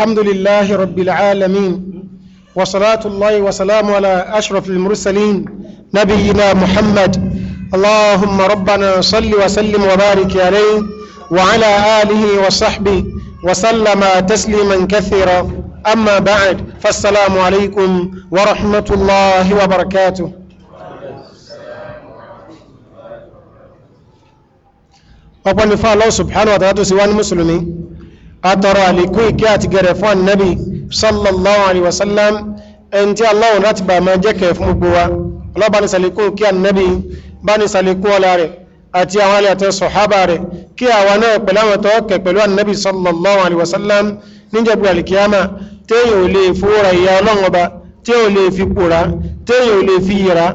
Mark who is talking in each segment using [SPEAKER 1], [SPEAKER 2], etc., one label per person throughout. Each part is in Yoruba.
[SPEAKER 1] الحمد لله رب العالمين وصلاة الله وسلام على أشرف المرسلين نبينا محمد اللهم ربنا صل وسلم وبارك عليه وعلى آله وصحبه وسلم تسليما كثيرا أما بعد فالسلام عليكم ورحمة الله وبركاته وقال الله سبحانه وتعالى wa المسلمين atọrọ àlékún ìkẹ́ àti gẹ̀rẹ̀ fún annabi sallallahu alaihi wasallam ẹni tí Allah láti bá máa jẹ́kẹ̀ fún gbogbo wa ọlọ́bá ní sàlékún kí annabi bá ní sàlékún ọlá rẹ̀ àti àwọn alẹ́ àti sọ̀hábà rẹ̀ kí àwa náà pẹ̀lú àwọn tọ́ọ̀kẹ̀ pẹ̀lú annabi sallallahu alaihi wasallam níjẹ̀bù alìkíyàmà téèyàn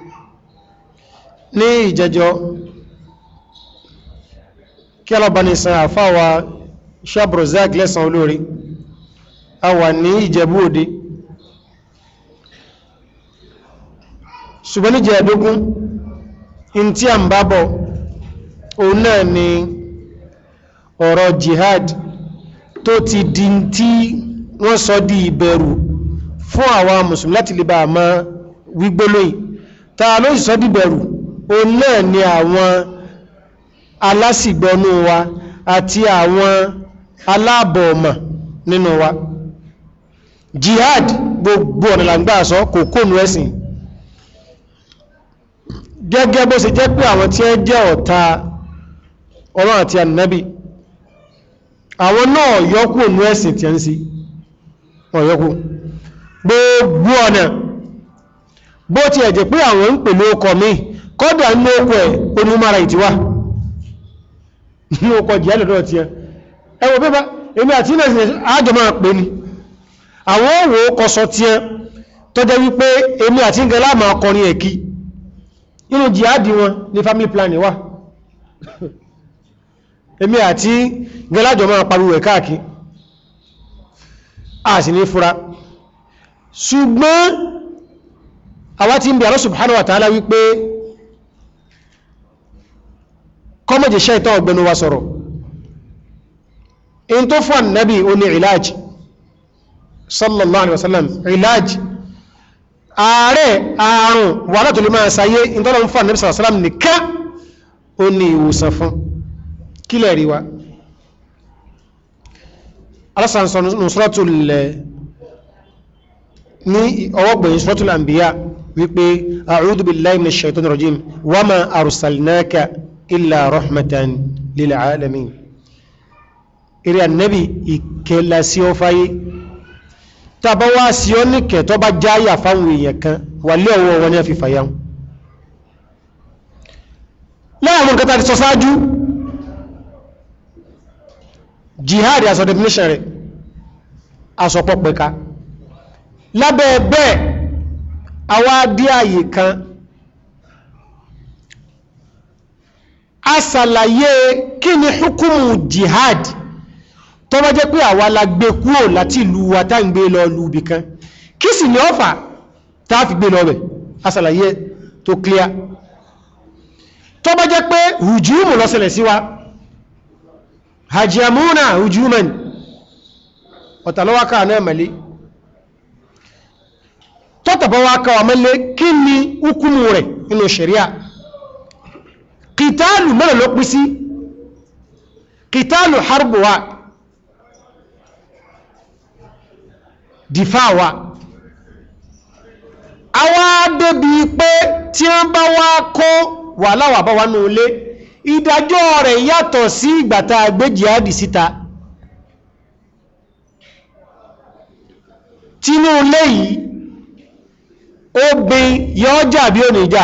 [SPEAKER 1] ní ìjẹjọ́ kí alábánisan àfáwà shabrozak lẹ́sàn olórí a wà ní ìjẹ̀bú òde ṣùgbọ́n níjẹ̀ ẹ̀dógún in tí a ń bá òun náà ni ọ̀rọ̀ jihad tó ti di tí wọ́n sọ di ìbẹ̀rù fún àwọn mùsùlùmí láti lè bá a wígbólóyìn ta ló sì o náà ni àwọn alásìgbọ́nú wa àti àwọn aláàbọ̀ ọmọ nínú wa jihad gbogbo ọ̀nà làǹgbà sọ kò kóònù ẹ̀sìn gẹ́gẹ́ bó ṣe jẹ́ pé àwọn tí ẹ jẹ́ ọ̀tá ọlọ́run àti ànábì àwọn náà yọ́kù ònú ẹ̀sìn tí ẹ ń sí wọ́n gbogbo ọ̀nà bó ti ẹ̀jẹ̀ pé àwọn ń pè lóókọ míì kọ́dà ní okò ẹ̀ onímọ̀ra ìtíwá ní okò jẹ́ lọ́dọ̀ ti ẹ ẹwọ pípa èmi àti ilẹ̀ ìsinẹ̀ àjọ máa pè ní àwọn òwò kọsọ ti ẹ tọ́jẹ́ wípé èmi àti ìgẹ̀lá máa kọrin ẹ̀kí inú jihadi wọn ní family plan wà èmi àti ìgẹ̀lá àjọ máa pariwo ẹ̀ káàkiri a sì ní fura ṣùgbọ́n àwa wípé kọ́mọ̀jì ṣẹ́ìtàn ọgbẹ̀nu wa sọ̀rọ̀ in tó fún annabi o ní ìlàj sallallahu alaihi wasallam ìlàj ààrẹ ààrùn wà látò lè máa sáyé in tọ́lọ fún annabi sallallahu alaihi wasallam nìkan o ní ìwòsàn fún kílẹ̀ rí wa alásànsọ̀ nùsọ́tùl ní ọwọ́gbẹ̀yìn wípé a'udhu billahi minash shaitanir rajim wa ma arsalnaka illa rahmatan lil alamin eré ànábì ìkẹlà sí ọ fáyé tàbá wá sí ọ níkẹ̀ tó bá jáyà fáwọn èèyàn kan wà lé ọwọ́ wọn ní àfi fàyà láàrin kẹta ti sọ sáájú jihad as a definition rẹ̀ asọpọ̀ pẹ̀ka lábẹ́ bẹ́ẹ̀ àwa dí àyè kan a ṣàlàyé kí ni hukumu jihad tó bá jẹ́ pé àwa la gbé kúrò láti ìlú wa tá ń gbé lọ lu ibì kan kí sì ni ọfà tá fi gbé lọ bẹ̀ a tó clear tó bá jẹ́ pé hùjúmù ló sí wa hajjamuna hùjúmù ọ̀tàlọ́wákà náà mẹ́lẹ́ tọ́tàbọ́wákà wà mẹ́lẹ́ kí ni hukumu rẹ̀ nínú sharia kìtàlù mẹ́rin ló pín sí kìtàlù harbu wa dìfà wa àwọn adébí pé tí wọ́n bá wá kó wà láwà bá wà nílé ìdájọ́ rẹ̀ yàtọ̀ sí ìgbàta àgbéjì àdì síta tínú lẹ́yìn obìn yọ́ jà bí ó nìjà.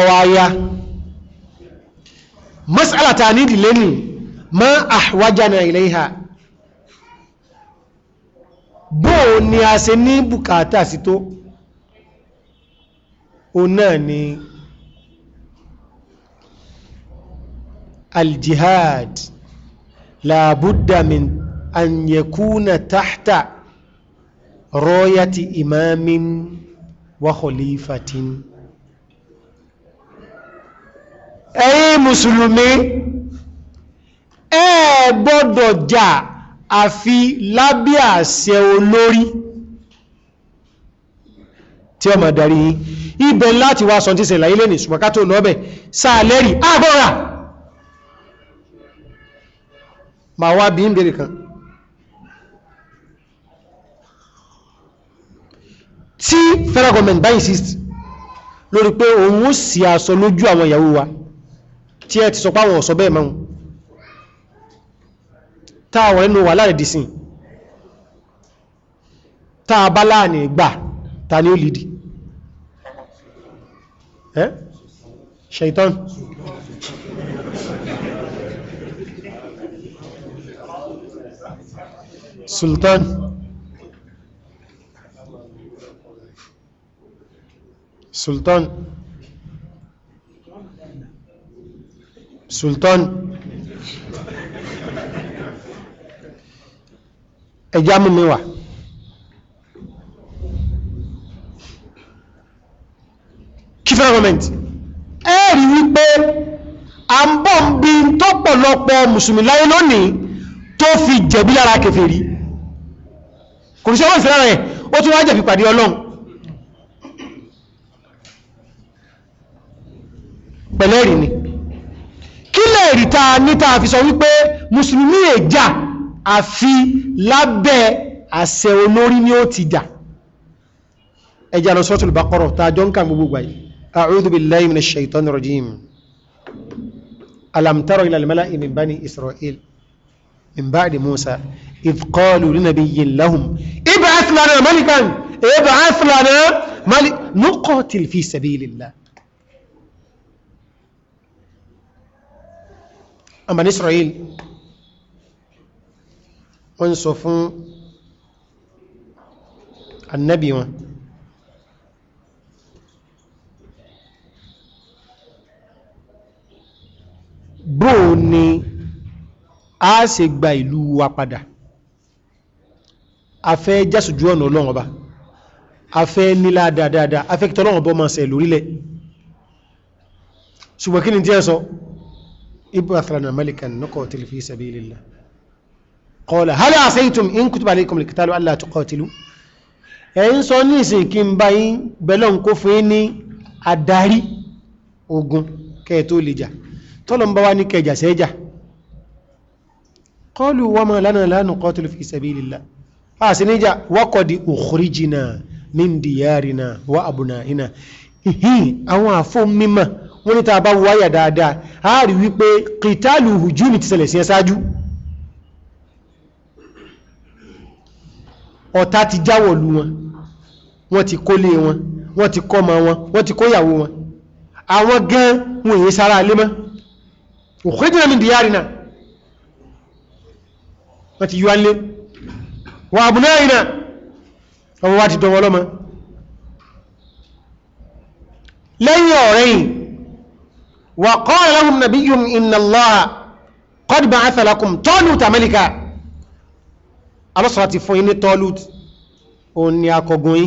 [SPEAKER 1] ọwọ́ ayá mas'ala ta ní ìdílé ni ma ahwajana ilaiha bó ni a ṣe ní bùkátà sí tó o náà ni aljihad labudda min an yakuna tahta royati imamin wa khalifatin ẹ̀yin mùsùlùmí ẹ gbọ́dọ̀ jà àfi lábẹ́ àṣẹ olórí tí ọmọ darí ibẹ̀ láti wá sọ́n tí sẹ̀lá ilé ní ṣùgbọ́n lọ́bẹ̀ sáàlẹ́rì àbọ́ra ma wá bí ń bèèrè kan tí federal government bá insist lórí pé òun ó sì aṣọ lójú àwọn ìyàwó wa tí ẹ ti sọ páwọn ọ̀sọ̀ bẹ́ẹ̀ mẹ́un táwọn ẹnu wà láàrin dìsìn táà bá láàrin ìgbà ta ni ó lìdí ẹ́ ṣẹ̀tọ́n sultan sultan sultan ẹja mú mi wà kífẹ́ gọ́ọ̀mẹ́ntì ẹ̀rí wípé a ń bọ́ ń bí tọ́pọ̀lọpọ̀ mùsùlùmí láyé lónìí tó fi jẹ̀bí lára kèfèrí kò ní ṣẹ́wọ́n ìfẹ́ rẹ̀ ó tún wá jẹ̀bí pàdé ọlọ́run pẹ̀lẹ́rì ni kílẹ̀ ìrìta níta fi sọ wípé mùsùlùmí èjà àfi lábẹ́ àṣẹ olórí ni ó ti jà ẹjà lọ sọ́tùlù bá kọ́rọ̀ tá a jọ ń kà gbogbo gbàyè a'udhu billahi minash shaitani rajim alam àmà ní Israel wọ́n ń sọ fún annabi wọn bóò ni a ṣe gba ìlú wa padà a fẹ́ jásùjú ọ̀nà ọlọ́run ọba a fẹ́ nílá dáadáa a fẹ́ kí tọ́lọ́run ọba ṣe lórílẹ̀ ṣùgbọ́n kí ni tí sọ ابعث لنا ملكا نقاتل في سبيل الله قال هل عصيتم إن كتب عليكم القتال ألا تقاتلوا ẹ̀yin sọ ní ìsìn kí n bá yín bẹ̀lọ́n kó fún ní adarí ogun kẹ́ẹ̀tó lè jà tọ́lọ̀ ń bá wá ní kẹjà sẹ́jà qalu wa ma lana la nuqatilu fi sabilillah a sì níjà wa qad ukhrijna min diyarina wa abna'ina ìhìn àwọn àfọ́ mímọ̀ wọ́n ní tàbá wáyà dáadáa a rí wípé kìtàlù hujúmi ti ṣẹlẹ̀ sí ẹ sáájú ọ̀tá ti jáwọ̀lú wọn wọ́n ti kólé wọn wọ́n ti kọ́mọ wọn wọ́n ti kóyàwó wọn àwọn gan wọn èyí sára alé mọ́ òkúrẹ́dìnà dìyàrí náà wọ́n ti yíwá lé wà àbúnáà yìí ọmọ wa ti dọwọ́ lọ́mọ lẹ́yìn ọ̀rẹ́yìn وقال لهم نبيهم إن الله قد بعث لكم طالوت ملكا الله صلى الله عليه وسلم طالوت òun ni akọgun yí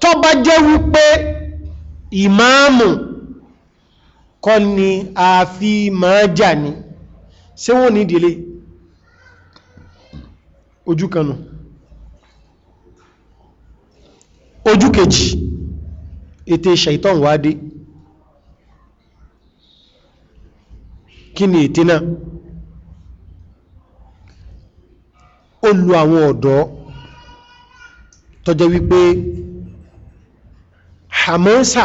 [SPEAKER 1] tó bá jẹ́ wípé ìmáàmù kọ́ ni a máa jà ní ṣé ní ìdílé ojú No. ojú kejì ètè ṣàìtàn wá dé kí ni ètè náà ó lu àwọn ọ̀dọ́ tọ́jẹ́ wípé hamasa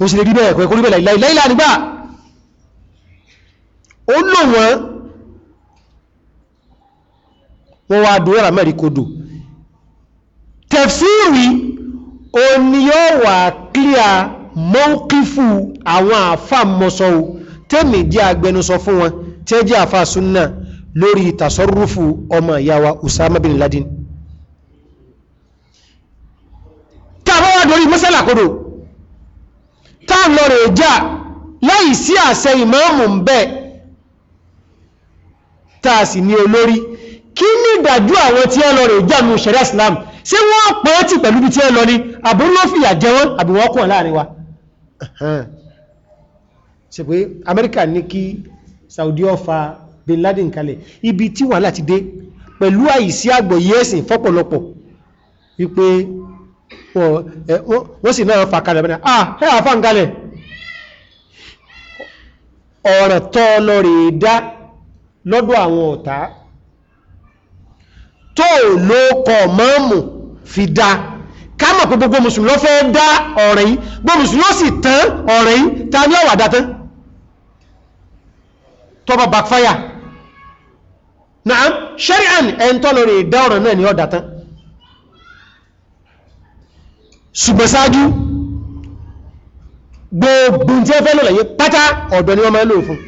[SPEAKER 1] ó sì lè rí bẹ́ẹ̀ kọ̀ẹ́kọ́ rí bẹ́ẹ̀ láìláìlá nígbà ó lò wọ́n wọ́n wá dúró mẹ́rin kodò tẹ̀fsíìrì òní yóò wà kílíà mọ́kífù àwọn àfà mọ́sọ́ o tẹ́mì jẹ́ agbẹnusọ fún wọn tẹ́ jẹ́ àfà súnnà lórí tasọ́rúfù ọmọ ìyàwó Usama bin Laden tàbáwà lórí mọ́sálà kodò táà lọ rẹ̀ já láì sí àṣẹ ìmáàmù ń bẹ́ẹ̀ tàà sì ní olórí kí ní ìdájú àwọn tí ẹ lọ rẹ̀ já nù ṣẹ̀rẹ́ Islam se ṣé wọ́n pẹ́ tí pẹ̀lú bí tí ẹ lọ ní àbúrú ló fìyà jẹ wọ́n àbí wọ́n kùn láàrin wa ṣe pé Amẹ́ríkà ní kí Saudi ọfà Bin Laden kalẹ̀ ibi tí wà láti dé pẹ̀lú àìsí àgbọ̀ yẹ́sìn o wípé o sì náà fà kalẹ̀ mẹ́ta ah ẹ́ àfà ń kalẹ̀ ọ̀rọ̀ tọ́ lọ rèé dá lọ́dọ̀ àwọn ọ̀tá tó ló kọ̀ mọ́mù fi dá kámọ̀ pé gbogbo mùsùlùmí ló fẹ́ dá ọ̀rẹ́ yìí gbogbo mùsùlùmí ló sì tán ọ̀rẹ́ yìí ta ní ọ̀wà dá tọba backfire naam shari'an ẹn tọ́ lórí ìdá ọ̀rọ̀ náà ni ọ̀dá tán ṣùgbọ́n ṣáájú gbogbo tí ẹ fẹ́ lọ́lẹ̀ yìí pátá ọ̀dọ̀ ni wọ́n máa lò fún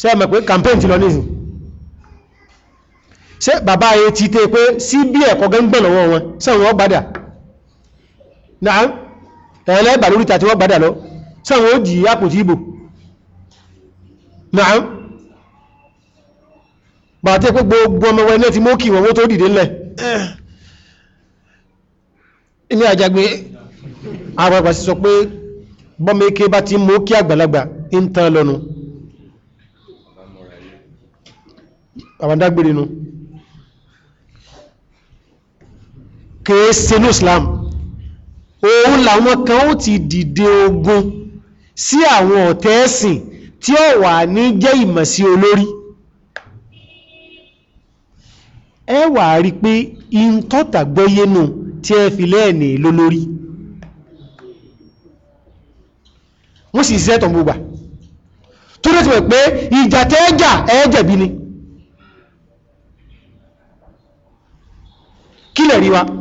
[SPEAKER 1] ṣe pé campaign ti lọ nísìn ṣe bàbá ayé ti tẹ́ pé sí bí ẹ̀kọ́ gẹ́gbẹ̀ lọ́wọ́ wọn sáwọn ọgbàdà náà ẹ̀lẹ́bà lórí tàti wọ́n gbàdà lọ sáwọn ó jì àpòtí ìbò náà bàtẹ́ pé gbogbo ọmọ ẹ̀lẹ́ ti mókì wọn tó dìde lẹ̀ kèé Islam òun làwọn kan ó ti dìde ogun sí àwọn ọ̀tẹ́ ẹ̀sìn tí ó wà ní jẹ́ ìmọ̀ sí olórí ẹ wà rí pé ìntọ́ta gbọ́yé nù tí ẹ fi lẹ́ẹ̀nì lólórí wọ́n sì ṣiṣẹ́ tọ̀ gbogbo tó rẹ̀ ti pé ìjà ẹ kí lẹ̀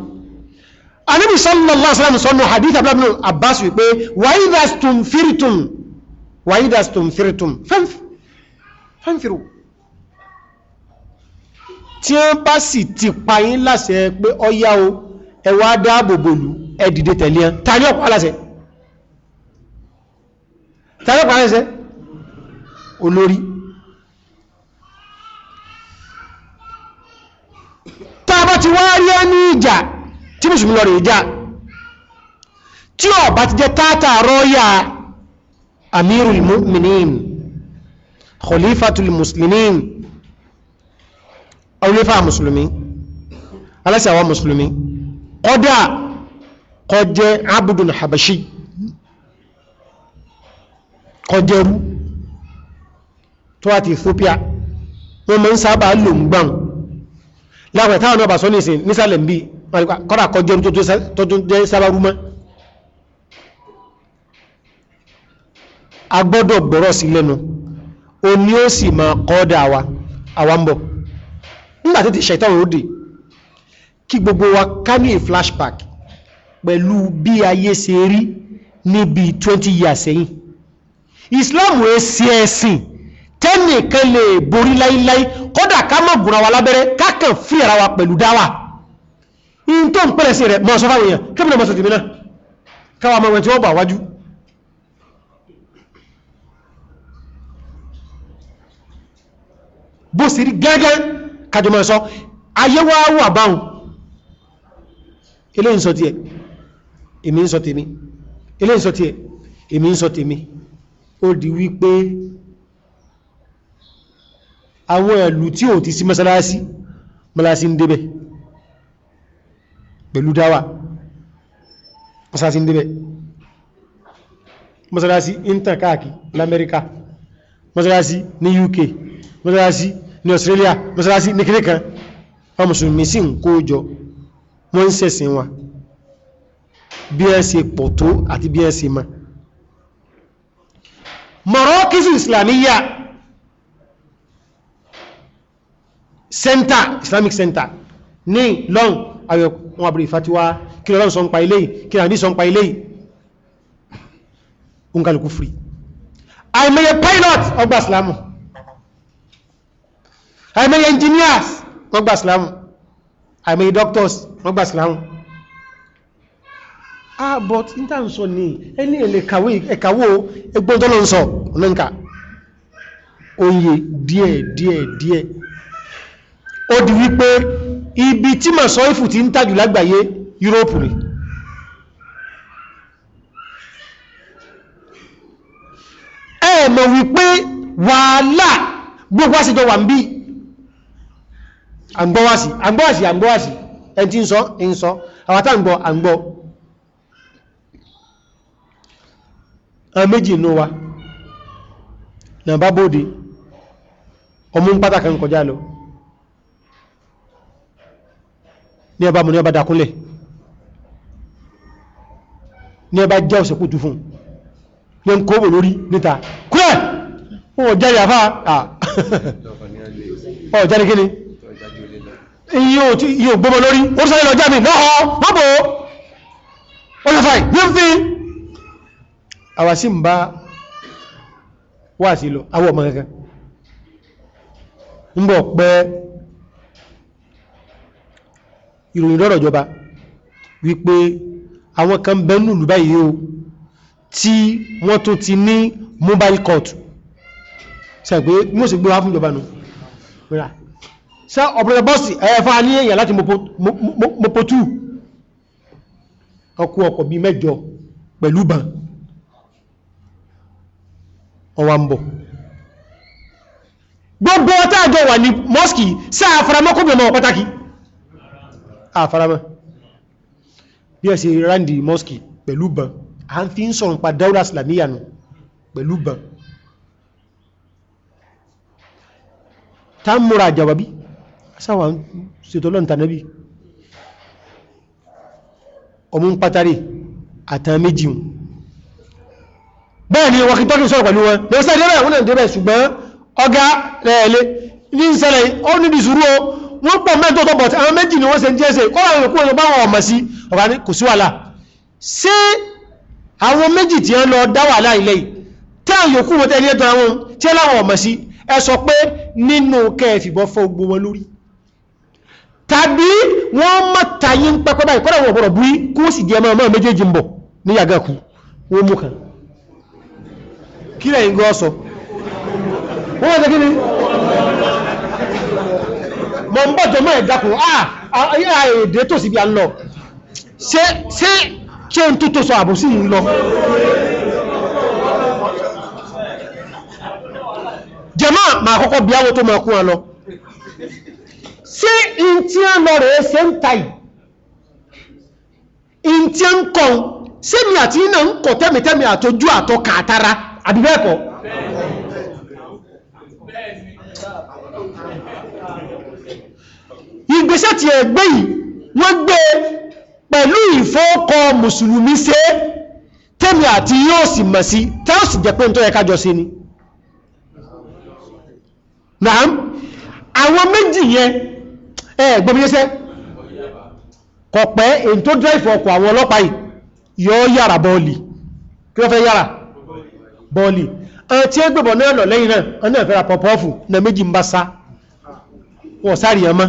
[SPEAKER 1] anábì sallallahu alaihi wasallam sọ́nà hadith abúlábìnà abbas wípé wàídàstùn fírìtùn wàídàstùn fírìtùn fẹ́nfìrù tí ó bá sì ti payín láṣẹ pé ọya o ẹwà dáàbòbòlù ẹdìdẹ tẹ̀lé ẹ tàbí ọ̀pá láṣẹ tàbí ọ̀pá láṣẹ olórí tàbá ti wá rí tí mùsùlùmí lọ rèé já tí ó bá ti jẹ́ tààtà rọ́yà amirul mu'minin khalifatul muslimin ọlẹ́fà mùsùlùmí aláṣẹ àwọn mùsùlùmí kọ́dà kọjẹ́ abdul habashi kọjẹ́rú tó àti ethiopia wọ́n mọ́ ń sábà lò ń gbọ́n láwọn ìtàwọn ọba sọ ìsìn nísàlẹ̀ bíi kọ́dà kọjọ́ tó tó jẹ́ sábàrúmọ́ a gbọ́dọ̀ gbọ́rọ̀ sí lẹ́nu o ní ó sì máa kọ́dà wa àwambọ̀ nígbàtí ti ṣẹ̀tọ́ òde kí gbogbo wa ká ní a flashback pẹ̀lú bí ayé ṣe rí níbi 20 years sẹ́yìn Islam ẹ̀ sí ẹ̀sìn tẹ́nìkan lè borí láíláí kọ́dà ká mọ̀ gùnra wa lábẹ́rẹ́ kákan fíra wa pẹ̀lú dáwà in tó ń pẹ̀lẹ̀ sí rẹ̀ mọ́ sọ fáwọn èèyàn kébìnà mọ́sọ̀ tìmínà káwà mọ́ tí wọ́n bà wájú bó sì rí gẹ́gẹ́ kàjọmọ̀ sọ ayé wá wà báhùn ilé ìsọ tiẹ̀ èmi ń sọ tèmi ilé ìsọ tiẹ̀ èmi ń sọ tèmi ó di wípé àwọn ìlú tí ò ti sí mọ́sálásí mọ́sálásí ń débẹ̀ pẹ̀lú dáwà mọ́sálásí ń débẹ̀ mọ́sálásí intern káàkì lamẹ́ríkà ní UK mọ́sálásí ní Australia mọ́sálásí ní kiri kan wọn mùsùlùmí sì ń kó jọ wọ́n ń ṣẹ̀sìn wa bí ẹ ṣe pọ̀ tó àti bí ẹ ṣe ma mọ̀rọ́kísù islamiyya center islamic center ní long ayọ̀ wọn àbúrò ìfàtíwá kí lọ́lọ́run sọ ń pa ilé kí lọ́lọ́run sọ ń pa ilé òǹkàlùkù free àìmọye pilot ọgbà islamu àìmọye engineers ọgbà islamu àìmọye doctors ọgbà islamu ah but intanso ni ẹni èlè kàwé ẹ̀kàwó ẹgbọ́n tó lọ ń sọ ọ̀nà nǹkan oyè díẹ̀ díẹ̀ díẹ̀ ó di wípé ibi tí ma sọ ìfù ti ń tàjù lágbàáyé yúróòpù ni ẹ̀mọ̀ wípé wàhálà gbogbo àṣíjọ wà ń bí àgbọ́wàsí àgbọ́wàsí àgbọ́wàsí ẹn tí ń sọ ń sọ àwátà ń àgbọ́ àmẹ́jì inú wa na bá bóde ọmú ń pátákan kọjá lọ ní ọba mú ní ọba dákúnlẹ̀ ní ọba jẹ́ òsèkútù fún ní ń kóbò lórí níta kúrẹ̀ wọ́n jẹ́rì àfá ọ̀jẹ́rì kíni iye ògbómọ lórí ó sáré lọ jáde lọ́họ́ mọ́bọ̀ ó lọ fàì ní fi àwà sí ń bá ìròyìn lọ́rọ̀ ìjọba wípé àwọn kan bẹnu ìlú báyìí o tí wọ́n tó ti ní mobile court sẹ́gbé mọ́ sí gbéra fún ìjọba nù sẹ́ ọ̀pọ̀lọpọ̀ bọ́ọ̀sì ẹ̀fà ní èèyàn láti mọ́pọ̀tù ọkọ̀ ọkọ̀ bí mẹ́jọ pẹ̀lú bàn ọwà ń bọ̀ gbogbo ọ̀tá àjọ wà ní mọ́sìkì sáà faramọ́kùnrin ọmọ pàtàkì àfaramọ́ ah, bí ẹ̀sẹ̀ randy mosque pẹ̀lú ban a ń fi ń sọ̀rọ̀ pa dáúlà islamiyya nù pẹ̀lú ban ta ń múra àjàwàbí sáwà ń ṣètò lọ́ntànábí ọmọ ń pátárì àtàn méjì wọn bẹ́ẹ̀ ni wọ́n kí tọ́kì sọ̀rọ̀ pẹ̀lú wọn lọ́sẹ̀ débẹ̀ wọn náà ṣùgbọ́n ọgá rẹ̀ ní ìṣẹ̀lẹ̀ ó níbi sùúrù wọ́n pọ̀ mẹ́tò tó bọ̀ àwọn méjì ni wọ́n ṣe ń jẹ́ ṣe kọ́ àwọn òkú ọ̀yọ́ báwọn ọmọ sí ọ̀gá ní kò sí wàhálà ṣé àwọn méjì tí wọ́n lọ dá wàhálà ilẹ̀ yìí tí àwọn yòókù wọn tẹ́lẹ̀ tó àwọn tí láwọn ọmọ sí ẹ sọ pé nínú kẹfìbọn fọ gbogbo wọn lórí tàbí wọ́n mọ̀ tàyí ń pẹ́pẹ́ báyìí kọ́dà wọn ọ̀bọ̀rọ̀ búrí kó sì jẹ́ ọmọ méjèèjì ń bọ̀ ní yàgàkú wọ́n mú kan kí lẹ́yìn gọ́ sọ mọ́ ń bọ́jọ mọ́ ẹ̀dàkùn àà ah, ah, ah, èdè tó sì bí a ń lọ ṣe kí o ń tó tó sọ àbò sí ń lọ jẹmọ́ ma kọ́kọ́ bí áwọ́ tó ma kún àlọ ṣe in tí a lọ rẹ̀ ṣe ń ta in tí a ń kọ́ ṣe mi àti iná ń kọ̀ tẹ́mìtẹ́mì àtọ́jú àtọ́ kàtara àbíbẹ́ẹ̀kọ́ ìgbésẹ̀ tí ẹ gbé yìí wọ́n gbé pẹ̀lú ìfọ́kọ mùsùlùmí ṣe tẹ́mi àti yóò sì mọ̀ sí tẹ́ò sì jẹ́ pé tó yẹ kájọ sí ni naam àwọn méjì yẹn ẹ gbọmíyẹsẹ́ kọ̀pẹ́ èyí tó dráìfù ọkọ̀ àwọn ọlọ́pàá yìí yọ yàrá na méjì ń wọ́n sáré yẹn mọ́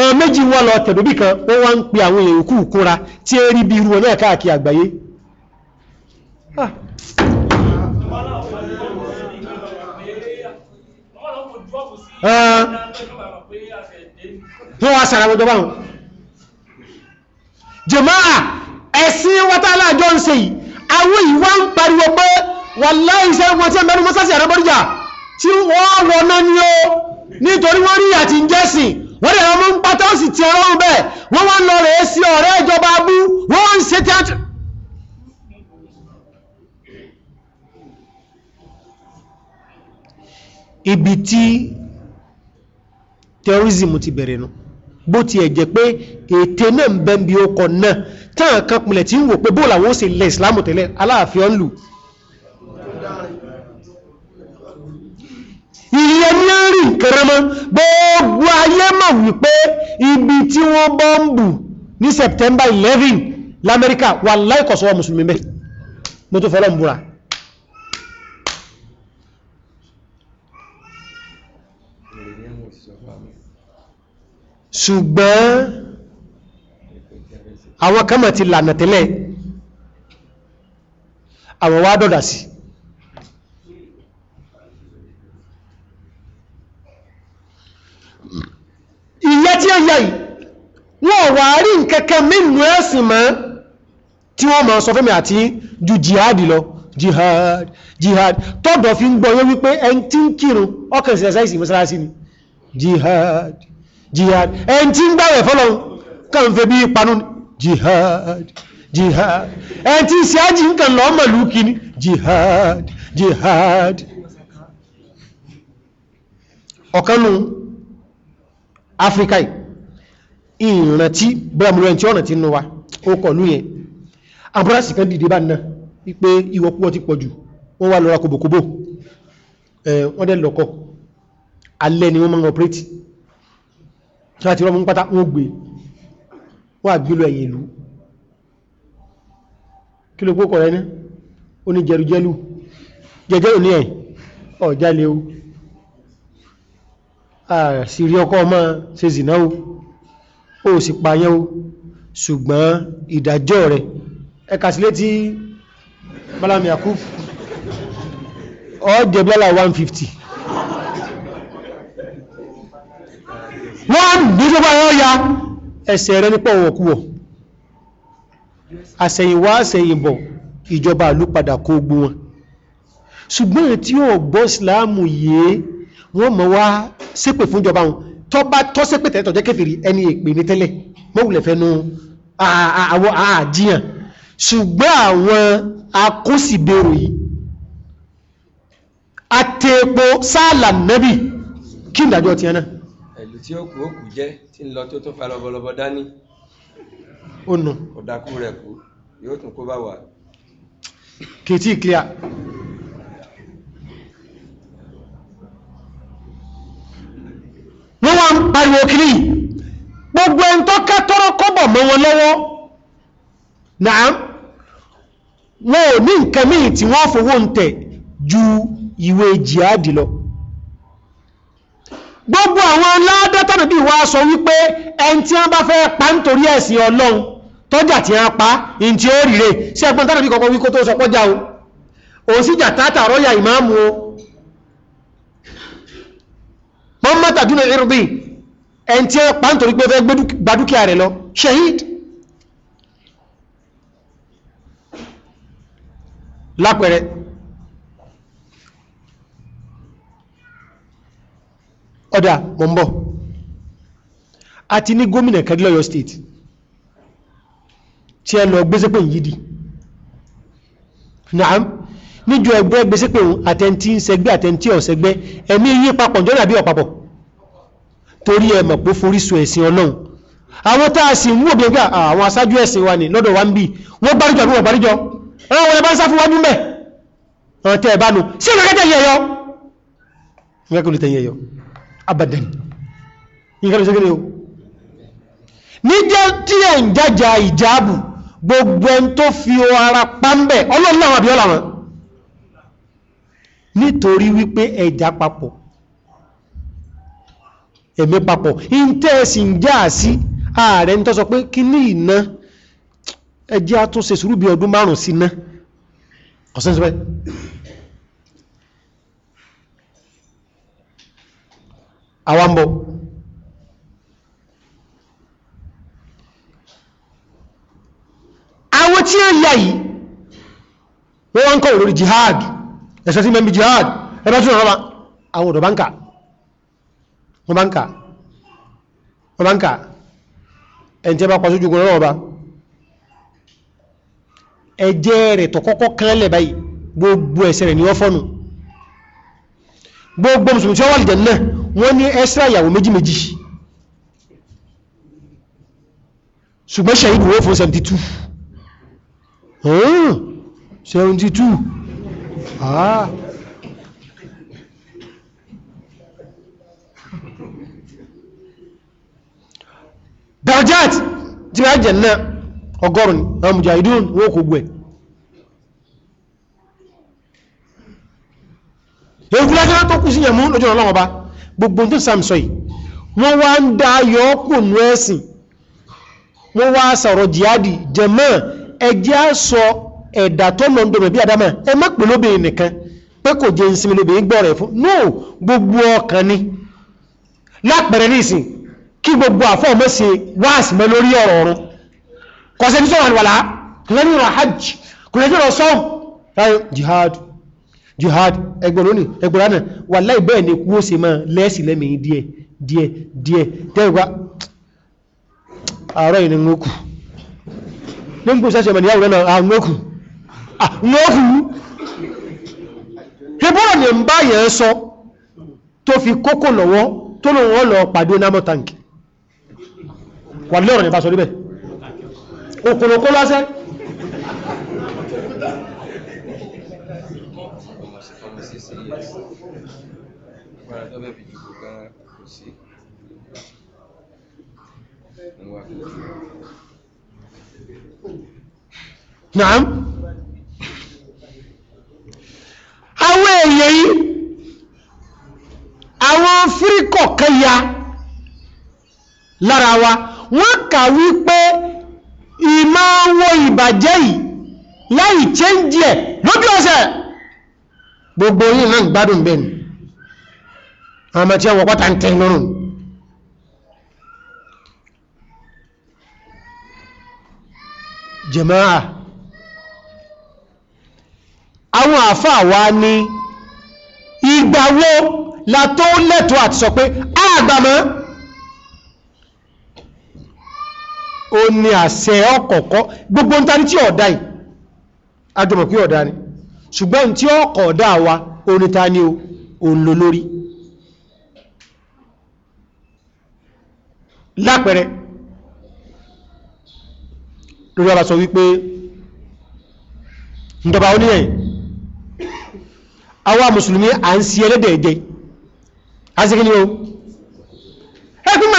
[SPEAKER 1] ọmọ méjì wọ́n lọ tẹ̀dọ̀ bí kan wọ́n wá ń pe àwọn èèyàn kú kúra tí ó rí bí irú wọn náà káàkiri àgbáyé ah. Ah. wọ́n wá sára wọ́n jọba wọn jàmáà ẹ̀sìn wátálà jọ ń ṣe àwọn ìwá ń pariwo pé wàláhì iṣẹ́ wọn tí ẹ̀mẹ́rin mọ́sásí àrẹ́bọ́dìjà tí wọ́n wọ́n náà ni ó tí ń jẹ́sìn wọ́n lè ọmọ ń pátá ó sì ti ọlọ́run bẹ́ẹ̀ wọ́n wá ń lọ rèé sí ọ̀rẹ́ ìjọba abú wọ́n wá ń ṣe tí a ti. ibi tí terrorism ti bẹ̀rẹ̀ nu bó ti ẹ̀ jẹ́ pé ète náà ń bẹ́ ń bi ọkọ̀ náà táwọn kan pinlẹ̀ tí ń wò pé bóòlù àwọn ó ṣe lẹ̀ ìsìlámù tẹ́lẹ̀ aláàfin ọ̀nlù. ìyẹn ìkẹrẹmọ́ gbogbo ayé mọ̀ wípé ibi tí wọ́n bọ́m̀bù ní September 11 l'Amẹ́ríkà wà láìkọ̀sọ́wọ́ mùsùlùmí mẹ́ mo tó fọ́lọ́ mbúra ṣùgbọ́n àwọn kama ti lànà tẹ́lẹ̀ àwọn wá dọ̀dà sí si. ìyá tí ó yà yìí wọ́n wà rí nkẹ́kẹ́ mínú ẹ̀sìn mọ́ tí wọ́n máa sọ fẹ́mi àti ju jihad lọ jihad jihad tọ́dọ̀ fi ń gbọ́yé wípé ẹn tí ń kírun ọkàn sí ẹ̀sáìsì mọ́sálásí jihad jihad ẹn tí ń gbàwẹ̀ fọ́lọ́run kàn fẹ́ jihad jihad ẹn tí ń ṣe ájì ń kàn jihad jihad ọ̀kanù áfíríkà ìrántí bẹ́ẹ̀mùrẹ́ tí ọ̀nà ti ń wa ó kọ̀ ní yẹn abúrásì kan dìde bá náà wípé ìwọ púpọ̀ ti pọ̀jù wọ́n wá lọ́ra kòbòkòbò wọ́n dẹ̀ lọ́kọ̀ alẹ́ ni wọ́n máa ń sì rí ọkọ ọmọ ṣe zìná o ó sì payán o ṣùgbọ́n ìdájọ́ rẹ̀ ẹka sílé tí malami akuf ọjẹ́ bẹ́lá 150 wọ́n bí tó bá yọ́ ya ẹsẹ̀ rẹ̀ nípa ọ̀wọ̀ kúwọ̀ àṣẹ̀yìnwá àṣẹ̀yìnbọ̀ ìjọba àlú padà kó gbó wọn ṣùgbọ́n tí ó gbọ́ síláàmù yìí wọ́n mọ̀ wá ṣépè fún ìjọba wọn tó bá tọ́ ṣépè tẹ́tọ̀ jẹ́ kèfèrí ẹni èpè ní tẹ́lẹ̀ mọ́wùlẹ̀ fẹ́nu àwọn àjíyàn ṣùgbọ́n àwọn akóṣìbẹ̀rò yìí àtẹ̀pọ̀ sáàlà nẹ́bì kí ìdájọ́ ti ẹ̀nà ẹ̀lú tí ó kù ó kù jẹ́ tí ń lọ tó tó kìtì clear wọ́n pariwo kiri gbogbo ẹni tó kẹ́tọ́rọ́ kọ́bọ̀ mọ́ wọn lọ́wọ́ náà wọn ò ní nǹkan míì tí wọ́n fowó ń tẹ̀ ju ìwé jihadi lọ gbogbo àwọn aládọ́tọ̀nà bí wá sọ wípé ẹni tí wọ́n bá fẹ́ pa nítorí ẹ̀sìn ọlọ́run tọ́jà tí wọ́n pa ní tí ó rire sí ẹgbọ́n tánàbí kọ̀ọ̀kan wíkó tó sọ pọ́jà o òun sì jà tátà rọ́yà ìmáàmù o ọmọ tàdúnà irúgbìn ẹn tí a pa nítorí pé fẹ́ gbadúkìá rẹ̀ lọ shahid lápẹẹrẹ ọ̀dà mọ̀mbọ̀ àti ní gómìnà kadilọ́yọ̀ state tí ẹ lọ gbésẹ́ yìí naam níjọ ẹgbẹ́ gbésẹ́ pé àtẹ́ntí ń sẹgbẹ́ àtẹ́ntí ọ̀sẹgbẹ́ ẹ̀mí yí papọ̀ jọ́nà bí ọ̀papọ̀ torí ẹmọ̀ pó forísù ẹ̀sìn ọlọ́run àwọn tá a sì ń wò bí ẹgbẹ́ ah, àwọn aṣáájú ẹ̀sìn wa ní lọ́dọ̀ wa ń bí wọ́n gbáríjọ àbúrò gbáríjọ ẹ̀rọ wọlé bá ń sáfún wájú mẹ́ ọ̀tẹ̀ ìbánu sí ìrẹ́kẹ́ tẹ̀yẹ yọ ìrẹ́kẹ́ kò lè tẹ̀yẹ yọ abadan ìrẹ́kẹ́ lè nítorí wípé ẹ̀já papọ̀ èmi papọ̀ ìntẹ́ẹ̀sì ń já sí ààrẹ ń tọ́sọ pé kí ní ìná ẹjẹ́ àtúnṣe sùúrù bí ọdún márùn-ún sí náà ọ̀sẹ́sẹ́ àwambọ̀ àwọn tí ó yà yìí wọ́n kọ̀ lórí jihad ẹ̀sọ́ tí mẹ́bí jihad ẹ̀bá tún ọ̀rọ̀ àwọn ọ̀dọ̀ báńkà wọ́n bá ń kà wọ́n bá ń kà ẹni tí a bá pa sójú ogun lọ́wọ́ ba ẹ̀jẹ̀ rẹ̀ tó kọ́kọ́ kan lẹ̀ báyìí gbogbo ẹ̀ṣẹ̀ rẹ̀ ni wọ́n fọ́nu gbogbo mùsùlùmí tí wọ́n wà lìjẹ̀ náà wọ́n ní ẹ́sẹ̀ ìyàwó méjì méjì ṣùgbọ́n ṣẹ̀yìn ìwé fún 72 72 ah darajat tí wọ́n jẹ̀ náà ọgọ́rùn àwọn mujahidun wọ́n kò gbẹ̀ èkúlá jẹ́ tó kú sí yẹ̀mú lójú ọlọ́wọ́ bá gbogbo tó sàmsọ yìí wọ́n wá ń dá yọ́kùn ẹ̀sìn wọ́n wá sọ̀rọ̀ jihadi jẹ̀mọ́ ẹjẹ́ sọ ẹ̀dà tó lọ ń dọ̀rọ̀ bí adama ẹ má pè lóbìnrin nìkan pé kò jẹ́ ìsinmi lóbìnrin gbọ́ rẹ̀ fún no gbogbo ọkàn ni lápẹ̀rẹ̀ ní ìsìn kí gbogbo àfọ́ mọ́ sí wáàsì mẹ́ lórí ọ̀rọ̀ ọ̀run kọ̀sẹ̀ ní sọ́wọ́n wàlá lẹ́nu ìrọ̀ hajj kò lẹ́nu ìrọ̀ sọ́wọ́n ráyọ jihad jihad ẹgbọ̀n lónìí ẹgbọ̀n lánàá wà láì bẹ́ẹ̀ ni kú ó sì máa lẹ́ẹ̀sì lẹ́mìí díẹ̀ díẹ̀ ni ngókù ní nkú sẹ́sẹ̀ mẹ́ni yàwó náà ngókù ngókù hebron ni ń bá yẹn sọ tó lọ pàdé onámọ́ tanki wà lẹ́rọ̀ ní ìbáṣọ́ níbẹ̀ òkòlòkó lásẹ́ Naam. Àwọn èèyàn yìí, àwọn fíríkọ̀ kẹya lára wa, wọ́n kà wípé ìmọ̀ owó ìbàjẹ́ yìí láì chéńjì ẹ̀ lóbi ọ̀sẹ̀ gbogbo yìí náà gbádùn bẹ́ẹ̀ ni àmọ́ tí ẹwọ̀ pátá ń tẹ́ lọ́rùn jẹ̀máà àwọn àfáà wa ní ìgbàwó la lẹ́tọ́ àti sọ pé àgbàmọ́ ó ní àṣẹ ọkọ̀ọ̀kọ́ gbogbo ń tani tí ọ̀dá yìí ajọmọ̀ pé ọ̀dá ni ṣùgbọ́n tí ọkọ̀ ọ̀dá wa oríta ni o ń lò lórí lápẹẹrẹ lórí ọba sọ wípé ìjọba oníyẹ̀ àwa mùsùlùmí à ń sí ẹlẹ́dẹ̀ a sì kí ni o ẹkùn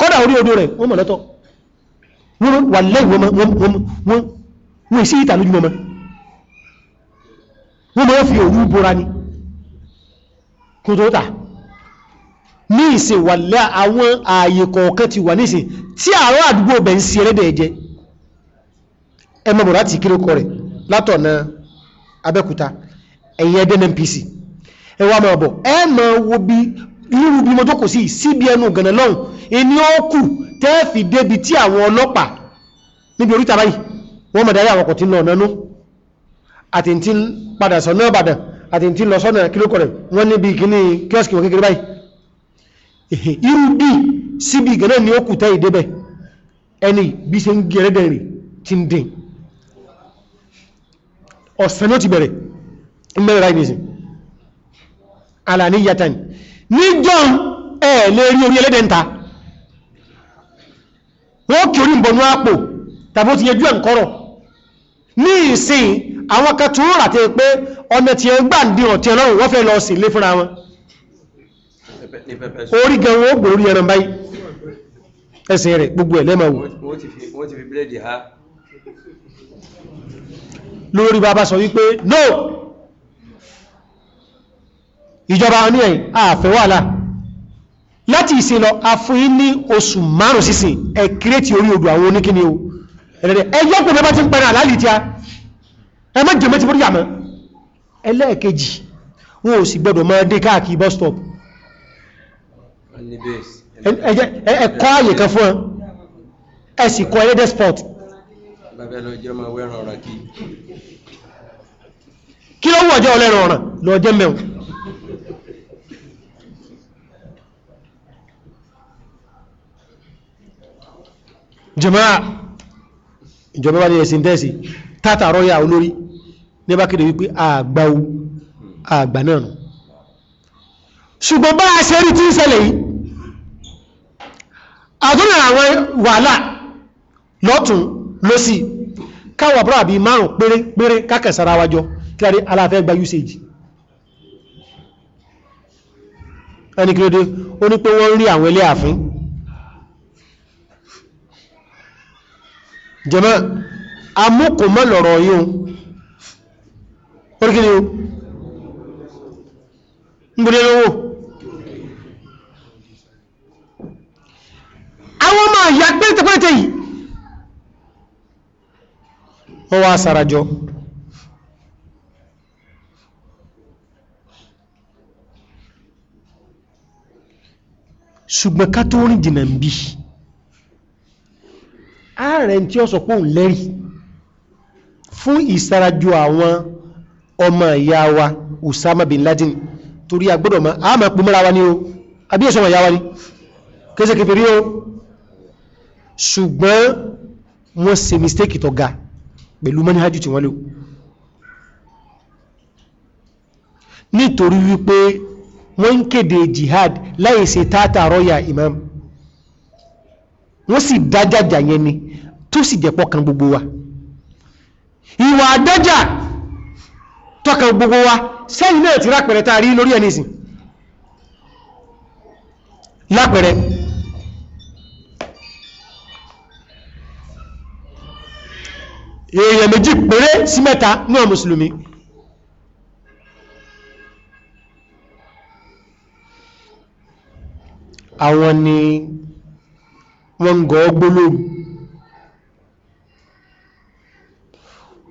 [SPEAKER 1] kọ́dà orí odò rẹ̀ wọ́n mọ̀ lọ́tọ̀ wọ́n wà lẹ́yìn wọ́n sí ìtà lójú mọ́mọ́ ni kí o tó tà ní ìsìn wà lẹ́ àwọn ààyè kọ̀ọ̀kan ti wà nísìn tí àárọ̀ àdúgbò bẹ̀ ń sí ẹlẹ́dẹ̀ ẹ̀jẹ́ ẹ láti kí rẹ̀ látọ̀nà Abẹ́òkúta ẹ̀yẹ ẹdẹ́ NNPC ẹ wá máa wo bí lírú bí mo jókòó sí síbi ẹnu gànà lọ́hùn ẹni ó kù tẹ́ẹ̀fì débi tí àwọn ọlọ́pàá níbi oríta báyìí wọ́n mọ̀ dáyà àwọ̀kọ̀ tí ń lọ ọ̀nà nú àti tí ń padà sọ̀nà Ìbàdàn àti tí ń lọ sọ́nà kílókọ̀ rẹ̀ wọ́n níbi kíní kíọ́sìkì wọn kékeré báyìí irú bí síbi gànà ni ó kù tẹ́ ìdébẹ̀ ẹni bí ṣe ń gẹ̀rẹ́dẹ̀ rẹ̀ ti ń dín ọ̀sẹ̀ ló ti bẹ̀rẹ̀ ń bẹ̀rẹ̀ ráì nìsín alàníyàtàn níjọ́n ẹ̀ lè rí orí ẹlẹ́dẹ̀ ńta wọ́n kí orí ìbọnú àpò tàbí ó ti yẹjú ẹ̀ ǹkọ́rọ̀ ní ìsìn àwọn kan tún rà tẹ́ pé ọ̀nà tí ẹ ń gbà ń di ọ̀tí ọlọ́run wọ́n fẹ́ lọ sí ilé fúnra wọn orí gan wọn ó gbò orí ẹran báyìí ẹsẹ̀ rẹ̀ gbogbo ẹ̀ lẹ́mọ̀ wò lórí bàbá sọ wípé no ìjọba wọn ní ẹ̀yìn ààfẹ́ wà láà láti ìsìn lọ afúnyí ní oṣù márùn sísìn ẹ̀ kírètì orí odò àwọn oníkíní o ẹ̀rẹ̀rẹ̀ ẹ̀yọ́ pé bá ti ń pẹ̀rẹ̀ àlálì tí a ẹ mọ́ jẹ́mẹ́ ti bórí àmọ́ ẹlẹ́ẹ̀kejì wọn ò sì gbọ́dọ̀ máa dé káàkiri bus stop ẹ̀kọ́ ààyè kan fún ẹ sì kọ ẹlẹ́dẹ̀ sport kí ló wù ọjọ́ ọlẹ́rọ̀ ọ̀ràn lọ jẹ́ mẹ́rin jama'a ìjọba wà ní ẹ̀sìn tẹ́sì tátàrọ ya olórí ní bá kéde wípé àgbáwó àgbà náà ṣùgbọ́n bá a ṣe rí tí ń ṣẹlẹ̀ yìí àdúrà àwọn wàhálà lọ́tún lọ́sí káwà bọ́rọ̀ àbí márùn péré péré kákẹsàrà wájọ kí a rí aláfẹ́ gba usage ẹni kí ló dé ó ní pé wọ́n rí àwọn ilé àfin jẹmọ́ amúkù mọ́ lọ̀rọ̀ yíò orí kìí ń bú lélówó àwọn ọmọ ìyá pẹ́tẹ̀pẹ́tẹ̀ yìí wọ́n wá sàràjọ́ ṣùgbọ́n ká tó rìn jìnà ń bí i ààrẹ tí ó sọ pé òun lẹ́rì fún ìsarajú àwọn ọmọ ìyá wa Usama bin Laden torí agbọ́dọ̀ ma a ma pè mọ́ra wa ní o àbí ẹ̀ṣọ́ ìyá wa ní kéèsẹ̀ kèfèrí o ṣùgbọ́n wọ́n ṣe mistake tó ga pẹ̀lú manhaju tí wọ́n lò nítorí wípé wọ́n kéde jihad láì ṣe tátàrọ́yà imam wọ́n sì dájàjà yẹn ni tó sì jẹ́pọ̀ kan gbogbo wa ìwà àdọ́jà tọ́kan gbogbo wa sẹ́yìn náà ti rápẹ̀rẹ̀ tàà rí lórí ẹni ìsìn lápẹ̀rẹ̀ èèyàn méjì péré sí mẹ́ta náà mùsùlùmí àwọn ni wọ́n gọ́ gbólóhùn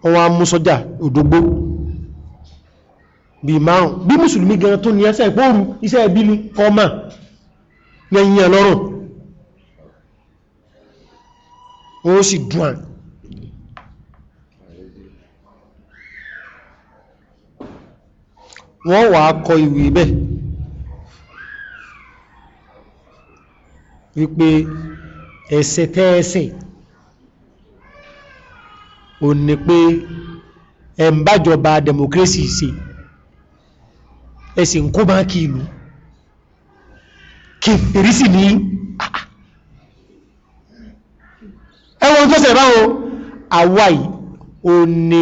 [SPEAKER 1] wọ́n wá mú sọ́jà òdógbó bí márùn bí mùsùlùmí gan tó ní ẹsẹ̀ ìpóòrù iṣẹ́ ẹbí ní ọmọ lẹ́yìn ẹlọ́rùn ó sì dùn àn wọ́n wà kọ ìwé bẹ́ wípé ẹsẹ̀ tẹ́ẹ̀sẹ̀ ò ni pé ẹ ń bájọba democracy ṣe ẹ sì ń kó báńkì ìlú kèfèrí sì ní ẹwọ́n tó sẹ̀ o àwáyì ò ni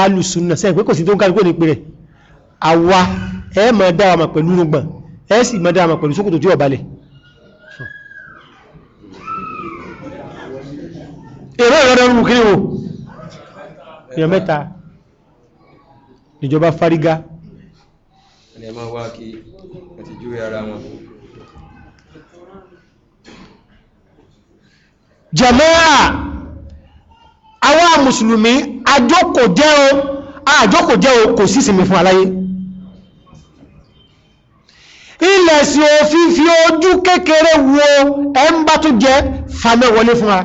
[SPEAKER 1] alùsùnà sẹ́ pé kò sí tó ń kárí kò ní pé rẹ̀ àwa ẹ mọ̀ dára mọ̀ pẹ̀lú rúgbọ̀n ẹ sì mọ̀ dára mọ̀ pẹ̀lú sókòtò tí ọ̀balẹ̀ èrò wo èèyàn mẹ́ta ìjọba fárígá. ẹni ẹ máa wá kí ẹ ti júwe ara wọn. jàmáà àwa mùsùlùmí àjókò jẹ́ o kò sí fún aláyé ilẹ̀ sí òfin fi ojú kékeré wo ẹ̀ ń bá tó jẹ́ falẹ̀ fún wa.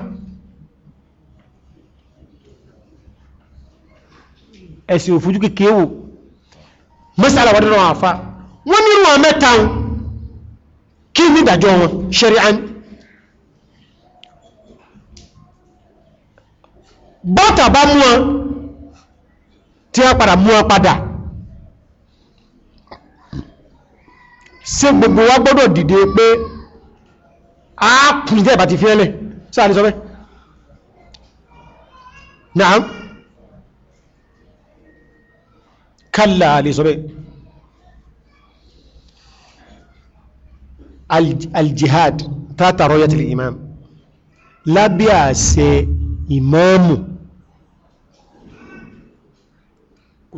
[SPEAKER 1] ẹ̀sìn òfojú kékeré wò mọ́sálà wọ́n dínà àfá wọ́n ní ìwọ̀n mẹ́ta kí ní ìdàjọ́ wọn ṣẹ̀rí'án bọ́tà bá mú wọn tí wọ́n padà mú wọn padà ṣé gbogbo wa gbọ́dọ̀ dìde pé a kùn jẹ́ ìbá ti fi ẹlẹ̀ sáà ní sọ bẹ́ẹ̀ náà kálà lè sọ bẹ́ẹ̀ aljihad tata rọ́yàtìlì imam lábẹ́ àṣẹ ìmáàmù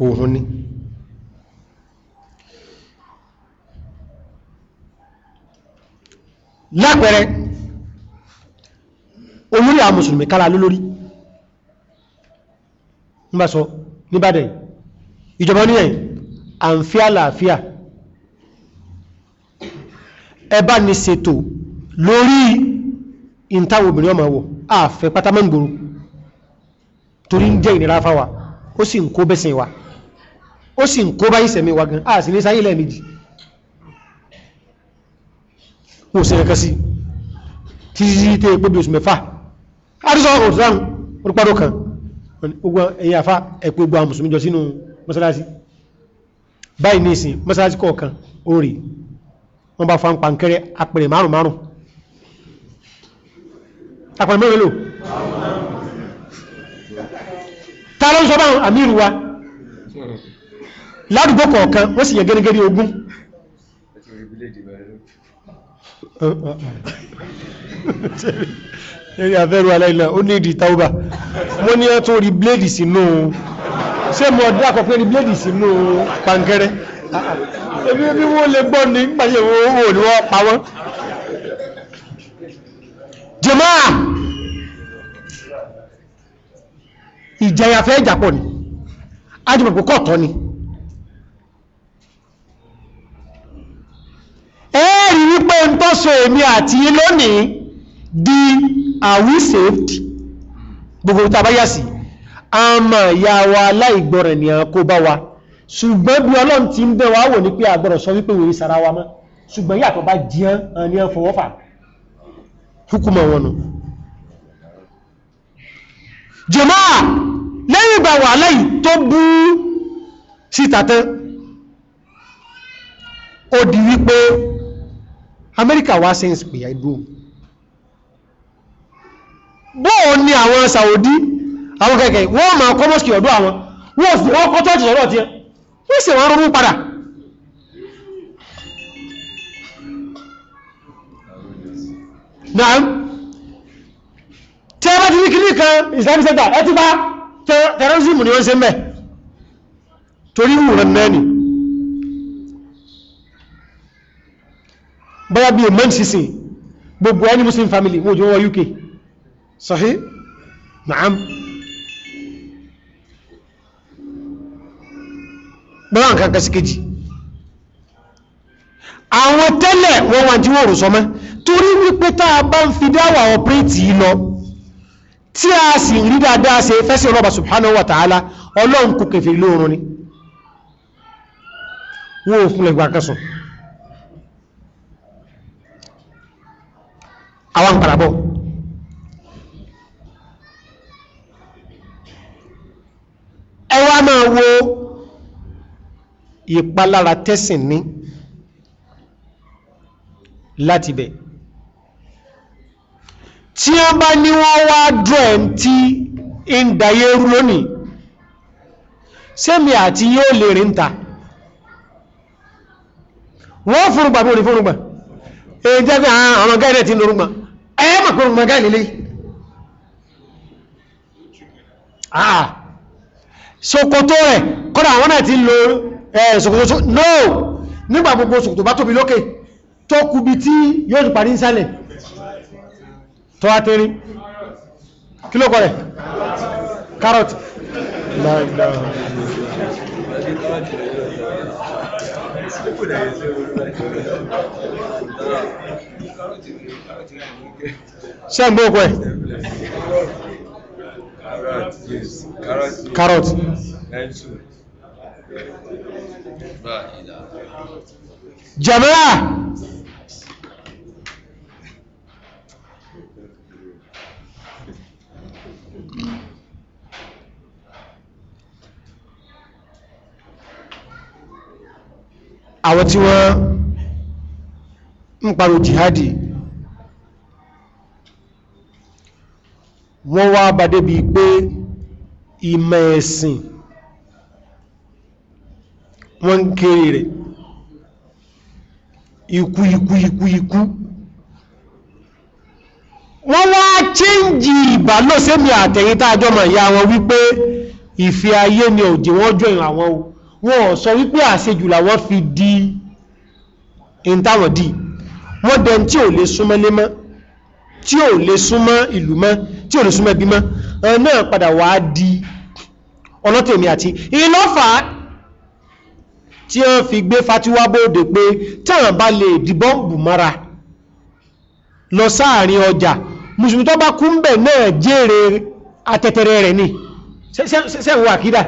[SPEAKER 1] òhun ni lápẹẹrẹ olórí àwọn mùsùlùmí kára lólórí ń bá sọ ìjọba ní ẹ̀yìn àǹfí àlàáfíà ẹbá ni ṣètò lórí ìntàwò obìnrin ọmọ wọ ààfẹ́ pátámọ́ ìgboro torí ń jẹ́ ìnira fáwa ó sì ń kó bẹ́sẹ̀ wa ó sì ń kó bá ìsẹ̀mí wa gan àà sì ní sáyé lẹ́ẹ̀mejì wò sí ẹ̀kẹ́ sí títí tẹ́ pé oṣù mẹ́fà àdúsọ òtútù àwọn onípàdó kan ẹ̀yà àfá ẹ̀pẹ́ gbogbo àwọn mùsùlùmí jọ sínú mọ́sálásí báyìí ní ìsìn mọ́sálásí kọ̀ọ̀kan orí wọ́n bá fa ń pàǹkẹ́rẹ́ apẹ̀rẹ̀ márùn márùn apẹ̀rẹ̀ mẹ́rin lò ta ló ń sọ báwọn àmìrù wa ládùúgbò kọ̀ọ̀kan wọ́n sì yẹ gẹ́gẹ́rí ogún ẹ̀rí àfẹ́rù aláìlá ó ní ìdí taubá Mo ní ẹ́ tó rí bléèdì sínú ṣé mo ọdún àkọ́kọ́ ní bíléèdì sínú pàǹkẹ́rẹ́ ebi bí wọ́n lè gbọ́ ni nígbà tí wọ́n wò ni wọ́n pa wọ́n. jùmọ́ ìjẹyà fẹ́ ìjàpọ̀ ni ajùmọ̀pọ̀ kọ̀ tọ́ ni. ẹ̀ẹ́rì wípé ń tó so èmi àti yín lónìí di are we saved gbogbo ìta bá yà sí i àmà ìyá wa aláìgbọ́rẹ̀ ni àwọn bá wa ṣùgbọ́n bí ọlọ́run ti ń bẹ́ wa wò ní pé àgbọ̀rọ̀ sọ wípé wèé sara wa mọ́ ṣùgbọ́n yàtọ̀ bá jẹun ní ẹ fọwọ́fà hukuma wọn nù. jọ̀mọ́ lẹ́yìn ìgbà wàhálà yìí tó bú síta tán ó di wípé amẹ́ríkà wá sí ìpìyà ìdúró bóò ni àwọn Saudi àwọn kẹ̀kẹ́ wọ́n ma kọ́ mọ́sùkì ọ̀dọ́ àwọn wọ́n kọ́ tọ́jì sọ́rọ̀ tí wọ́n sì wọ́n rọrùn padà náà tí a bá ti ní kìlì kan islamic center ẹ bá terrorism ni wọ́n ṣe mẹ́ torí ìwòrán náà ni bí i mọ́n sísìn gbogbo ẹni muslim family wọ́n jọ wọ́n UK sahih na'am bọ́wọ́n kankan sí kejì àwọn tẹ́lẹ̀ wọ́n wọ́n jí wòrò sọmọ́ torí wípé tá a bá ń fi dáwà ọ̀pẹ́ẹ̀tì lọ tí a sì rí dáadáa ṣe fẹ́sí ọlọ́ba subhanahu wa ta'ala ọlọ́run kò kèfè lóòrùn ni wọ́n ò fún ẹgbà kẹsùn àwọn parabọ́ ẹwà máa wo ìpalára tẹ́sìn ní láti bẹ̀ tí wọ́n bá ní wọ́n wá dúrẹ̀ tí ń dayé rú lónìí sẹ́mi àti yóò lè rí ń ta wọ́n fúrúgbà bó rí fúrúgbà èyí jẹ́ pé àwọn gáìdẹ̀ tí lórúgbà ẹ̀yẹ́ mà pé rúgbà gáìdẹ̀ lè ṣòkòtò rẹ̀ kọ́dà àwọn náà ti lórúgbà ṣòkòtò no nígbà gbogbo ṣòkòtò bá tóbi lókè tó kúbi tí yóò ti parí ìsàlẹ̀ tó wá tẹ́rí kí ló kọ́ rẹ̀ carrot ṣe ń bó kọ́ ẹ̀ carrot jàmáà àwọn tí wọ́n ń pariwo jihadi wọ́n wá bá débi pé ìmọ̀ wọ́n ń kéré rẹ̀ ikú ikú ikú ikú wọ́n wá chíǹjì ìbálòsẹ́mì àtẹ̀yìn tààjọ́ mọ̀ ìyá wọn wípé ìfẹ́ ayé ni òjì wọ́n jọ ìrìn àwọn wọn ò sọ wípé àṣejù làwọn fi di ìntàwọ̀n dì wọ́n dẹn tí ò lè súnmọ́ lé mọ́ tí ò lè súnmọ́ ìlú mọ́ tí ò lè súnmọ́ ẹbí mọ́ náà padà wá di ọlọ́tẹ̀mí àti ìlọ́fà tí ó fi gbé fatiwa bóde pé tán bá lè dìbọ́ǹbù mara lọ sáàrin ọjà mùsùlùmí tó bá kú ń bẹ̀ náà jèrè atẹ́tẹ̀rẹ rẹ̀ ni sẹ́wọ̀ àkídà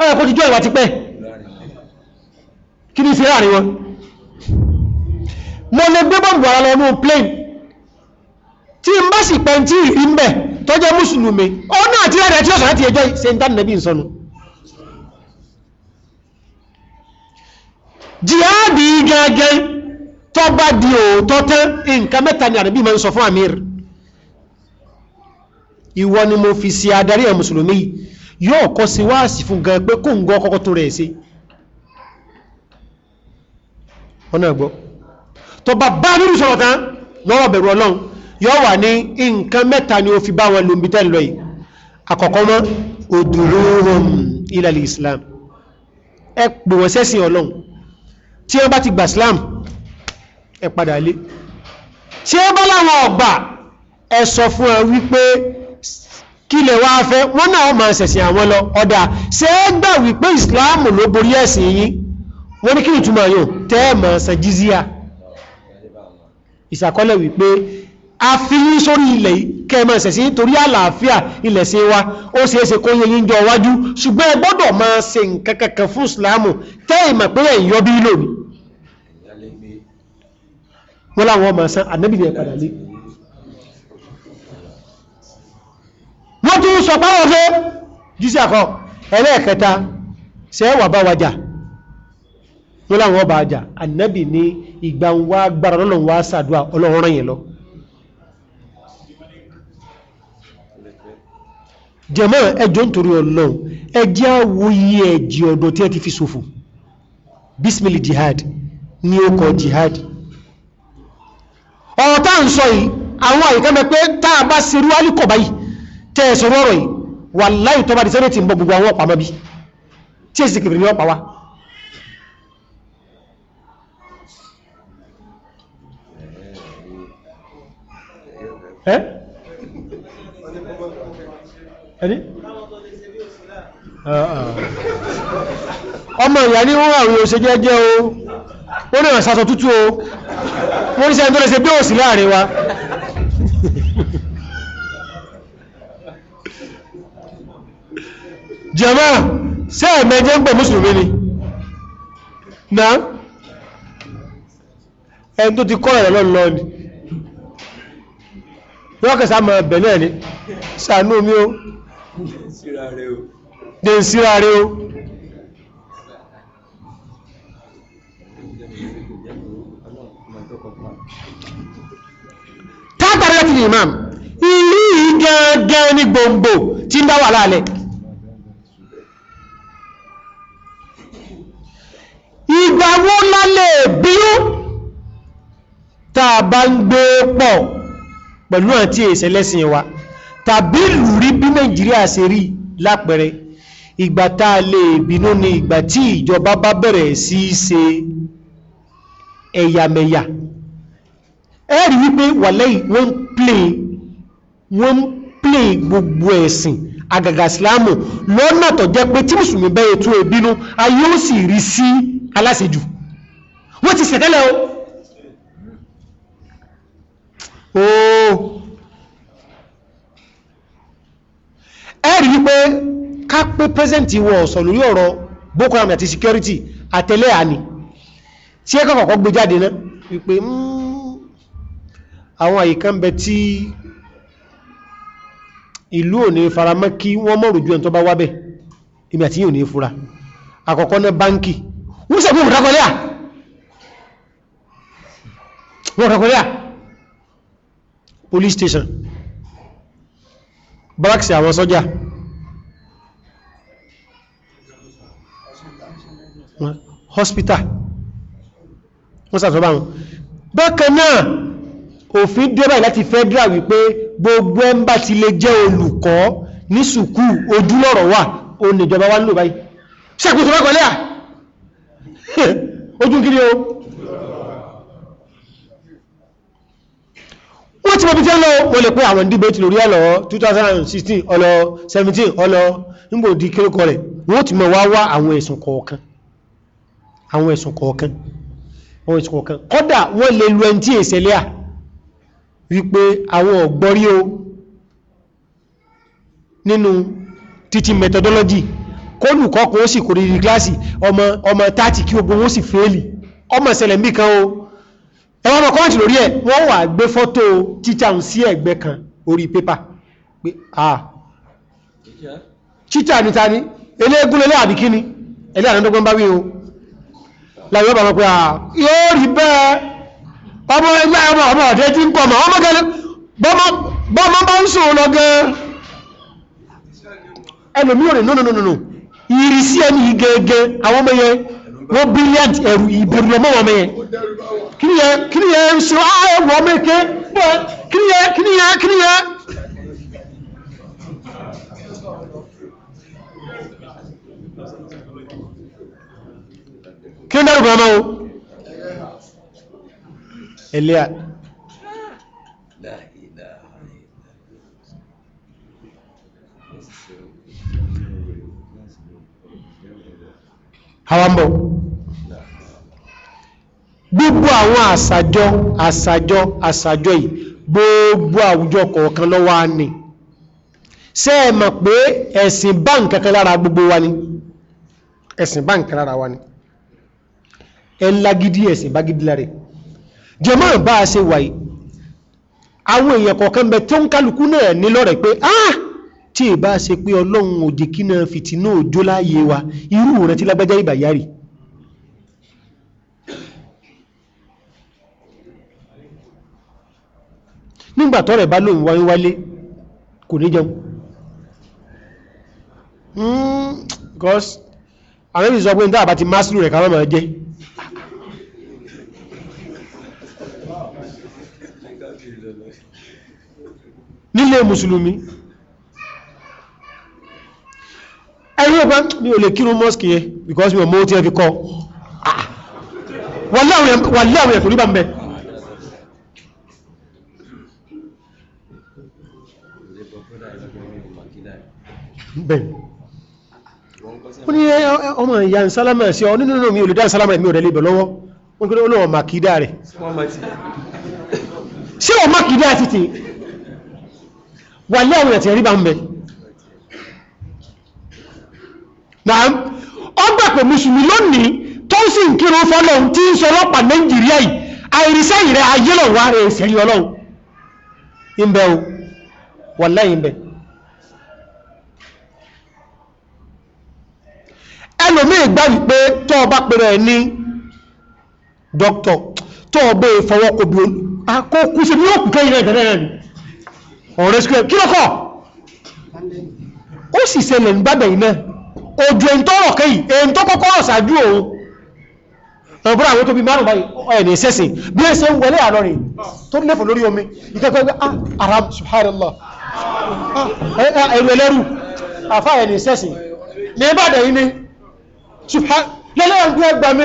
[SPEAKER 1] ọ̀yà kó ti jọ ìwà ti pẹ́ kí ní sí láàrin wọn mo lè gbé bọ́ǹbù ara lọ́nú plane tí n bá sì pẹ́ tí ìrí ń bẹ̀ tọ́jẹ́ mùsùlùmí ọ jihadi gẹ́gẹ́ tó bá di òótọ́ tẹ́ nǹkan mẹ́ta ni àrẹ́bí ma sọ fún amir ìwọ ni mo fi sí adarí ẹ̀ mùsùlùmí yóò kọ́ sí wáàsì fún gan pé kó ń gọ́ kọ́kọ́ tó rẹ̀ sí ọ̀nà ẹ̀gbọ́ tó bá bá nínú sọ̀rọ̀ tán lọ́rọ̀ bẹ̀rù ọlọ́run yóò wà ní nǹkan mẹ́ta ni ó fi bá wọn lòmí tẹ́lọ yìí àkọ́kọ́ mọ́ òdùrú ilẹ̀ islam ẹ pè wọ́n sẹ́sìn ọlọ́run tí wọ́n bá ti gbà Islam ẹ padà lé tí wọ́n bá láwọn ọgbà ẹ sọ fún ẹ wípé kílẹ̀ wá fẹ́ wọ́n náà máa ṣẹ̀sìn àwọn lọ ọ̀dà ṣe é gbà wípé Islam ló borí ẹ̀sìn yín wọ́n ní kí ìtumọ̀ yóò tẹ́ ẹ̀ máa san jizíà ìṣàkọ́lẹ̀ wípé àfihàn sórí ilẹ̀ kẹmọ̀ ṣẹ̀sí torí àlàáfíà ilẹ̀ sí wa ó sì é ṣe kó yẹ yíjọ wájú ṣùgbọ́n ẹ gbọ́dọ̀ máa ṣe nǹkan kankan fún ìsìláàmù tẹ́ ìmọ̀ pé ẹ̀yìn yọ bí lónìí wọ́n láwọn ọmọ san ànábì ní ẹ̀padà lé wọ́n tún sọ páwọn ṣe jísí àkọ́ ẹlẹ́ẹ̀kẹta ṣe wà bá wájà wọ́n láwọn ọba àjà ànábì ní ìgbà ń gbára lọ́lọ́run wá sàdúà ọlọ́run rán yẹn jẹmọ́ ẹjọ́ ń torí ọlọ́run ẹjẹ́ àwòyí ẹjì ọ̀dọ̀ tí ẹ ti fi ṣòfò bismillah jihad ní ọkọ̀ jihad ọ̀rọ̀ tá ń sọ yìí àwọn àyíkẹ́mẹ́ pé tá a bá serú alìkọ̀ báyìí tẹ́ ẹ̀sọ̀ rọrọ̀ yìí wà láì tọ́ba di sẹ́rẹ̀ tí ń bọ gbogbo àwọn ọ̀pá mọ́bí tí èsì kìrì ní ọ̀pá wa eh ẹni ọmọ ìyá ní wọ́n àwọn òṣè jẹ́jẹ́ o ó rẹ̀ sàtọ̀ tútù o wọ́n ní sẹ́yìn tó lè ṣe bí òsì láàrin wa jẹ́mọ́ sí ẹ̀mẹ́jẹ́ ń pẹ̀ mùsùlùmí ni na ẹni tó ti kọ́ ẹ̀rọ lọ́nà ni wọ́n kẹsà mọ̀ ẹ̀bẹ̀ náà ni sàánú mi o dè síra rẹ o. tátàrí láti yìí máa ilé yìí gẹ́gẹ́ ní gbòǹgbò tí ń bá wà láàlẹ̀ ìgbà wo lálẹ́ bíó tá a bá ń gbé pọ̀ pẹ̀lú àti ìṣẹ̀lẹ̀sìn wa tàbí ìlú rí bí nàìjíríà ṣe rí lápẹẹrẹ ìgbà tá a lè bínú ni ìgbà tí ìjọba bá bẹ̀rẹ̀ sí í ṣe ẹ̀yàmẹ̀yà ẹ rí wípé wàlẹ́yìn wọ́n ń plé wọ́n ń plé gbogbo ẹ̀sìn àgàgà ìsìláàmù lọ́nà tó jẹ́ pé tí mùsùlùmí bẹ́ẹ̀ tó ìbínú ayé ó sì rí sí aláṣejù wọ́n ti ṣẹ̀tẹ́lẹ̀ o. Oh. ẹ̀rí wípé ká pé president wọ ọ̀sọ̀ lórí ọ̀rọ̀ boko haram àti security àtẹ̀lé àní tí ẹkọ̀ kọ̀kọ́ gbé jáde náà wípé hmm, àwọn àyíká ń bẹ tí ìlú ò ní faramọ́ kí wọ́n mọ̀rò ju ẹ̀ tó bá wábẹ̀ ìmì àti yìí ní fura àkọ́kọ́ náà báńkì police station braxi àwọn sọ́jà hospital wọ́n sàtọ́bà wọn bákan náà òfin débà láti federal wípé gbogbo ẹmbà ti lè jẹ́ olùkọ́ ní sùkú ojúlọ́rọ̀ wà o nìjọba wá nílò báyìí ṣe àkóso bá kọlẹ́ à ojú kiri o wọ́n ti mọ̀ bí tí ó lọ wọ́n lè pé àwọn lórí 2016 ọlọ 17 ọlọ nígbò di kírókọ rẹ̀ wọ́n ti mọ̀ wá wá àwọn ẹ̀sùn kọ̀ọ̀kan àwọn ẹ̀sùn kọ̀ọ̀kan kọ́dà wọ́n lè lu ẹni tí o nínú títí methodology ó sì kò rí ọmọ 30 kí ogun ó sì fẹ́ẹ̀lì ọmọ ìṣẹ̀lẹ̀ o ẹwà ọmọ kọ́ọ̀tì lórí ẹ̀ wọ́n wà gbé fọ́tò títà ń sí ẹ̀gbẹ́ kan orí pépà pé ah títà ní tani eléégún lélẹ́ àbí kíni ẹlẹ́ àdọ́gbọ́n bá wí o láyé ọba wọn pé ah yóò rí bẹ́ẹ̀ ọmọ ẹgbẹ́ ọmọ ọmọ ọ̀dẹ́ tí ń pọ̀ mọ́ ọmọ gẹ́lẹ́ bọ́mọ bá ń sùn lọ gẹ́ ẹlòmí òrìn nínú nínú ìrísí ẹni gẹ́gẹ́ àwọn ọmọ yẹn wọ́n brilliant ẹ̀rù ìbẹ̀rù ọmọ wọn mẹ́yẹn kiniya kiniya nso a ɛwɔ meke bɔ kiniya kiniya kiniya. kí n o eléyà hawa gbogbo àwọn àṣàjọ àṣàjọ àṣàjọ yìí gbogbo àwùjọ kọ̀ọ̀kan ló wà ní ṣé ẹ mọ̀ pé ẹ̀sìn bá lára gbogbo wa ni ẹ̀sìn bá lára wa ni ẹ gidi ẹ̀sìn bá gidi lára jẹmọ́ bá a ṣe wà yìí àwọn èèyàn kọ̀ọ̀kan bẹ tó ń kálukú náà ní lọ́rẹ̀ pé ah tí ì bá ṣe pé ọlọ́run òjèkí náà fìtínà òjò láàyè wa irú ìrántí lágbájá ìbàyárì nígbà tọ́rẹ̀ bá lóun wáyé wálé kò ní jẹun hmm, because àwọn èyí sọ pé nígbà àbá ti máṣílù rẹ̀ kàwọn máa jẹ́ nílé mùsùlùmí ẹ̀rí ọ̀pá mi ò lè kírun mọ́sìkì because mi ò mọ́ tí ẹ fi kọ́ wà láwọn ẹ̀kùn rí bá ń bẹ́ẹ̀ o ní ọmọ ìyá ń sálámà sí ọ nínú mi ò lè dá sálámà mi ò dẹ̀ lè bẹ̀ lọ́wọ́ o kí ló ọmọ àkídá rẹ̀ ṣé o àkídá títì wà lé àwọn ẹ̀tì ẹ̀ríbà ń bẹ náà ọgbà pé mùsùlùmí lónìí tó sì ń kírun fọ́lọ̀ tí ń sọ ọlọ́pàá nàìjíríà yìí àìrísẹ́ ìrẹ́ ayé lọ́wọ́ rẹ̀ ìṣẹ́lẹ̀ ọlọ́run ń bẹ o wà lẹ́yìn ẹlòmíì gbà wípé tó ọba pẹ̀rẹ̀ ẹ̀ ní dókítọ̀ tó ọba ìfọwọ́kọ̀ bí akókú sí ní òkú kẹ́yìn ẹ̀dẹ̀rẹ̀ rẹ̀ ọ̀rẹ́ sílẹ̀ kí lọ́kọ̀ ó sì ṣẹlẹ̀ ní bàbá yìí náà ojú ẹni tó rọ̀ kẹ́yìn ẹni tó kọ́kọ́ rọ̀ ṣáájú òun ọ̀bọ̀n àwọn tó bí márùn báyìí ẹ̀nì ìṣẹ́sìn bí i ṣe ń wọlé àlọ́ rẹ̀ tó lẹ́fọ̀ lórí omi ìkẹ́kọ̀ọ́ ẹgbẹ́ ara subhanallah ẹ̀rù ẹlẹ́rù àfáà ẹ̀nì ìṣẹ́sìn ní ìbàdàn yìí ni lẹ́lẹ́yàn gbé ẹgbà mi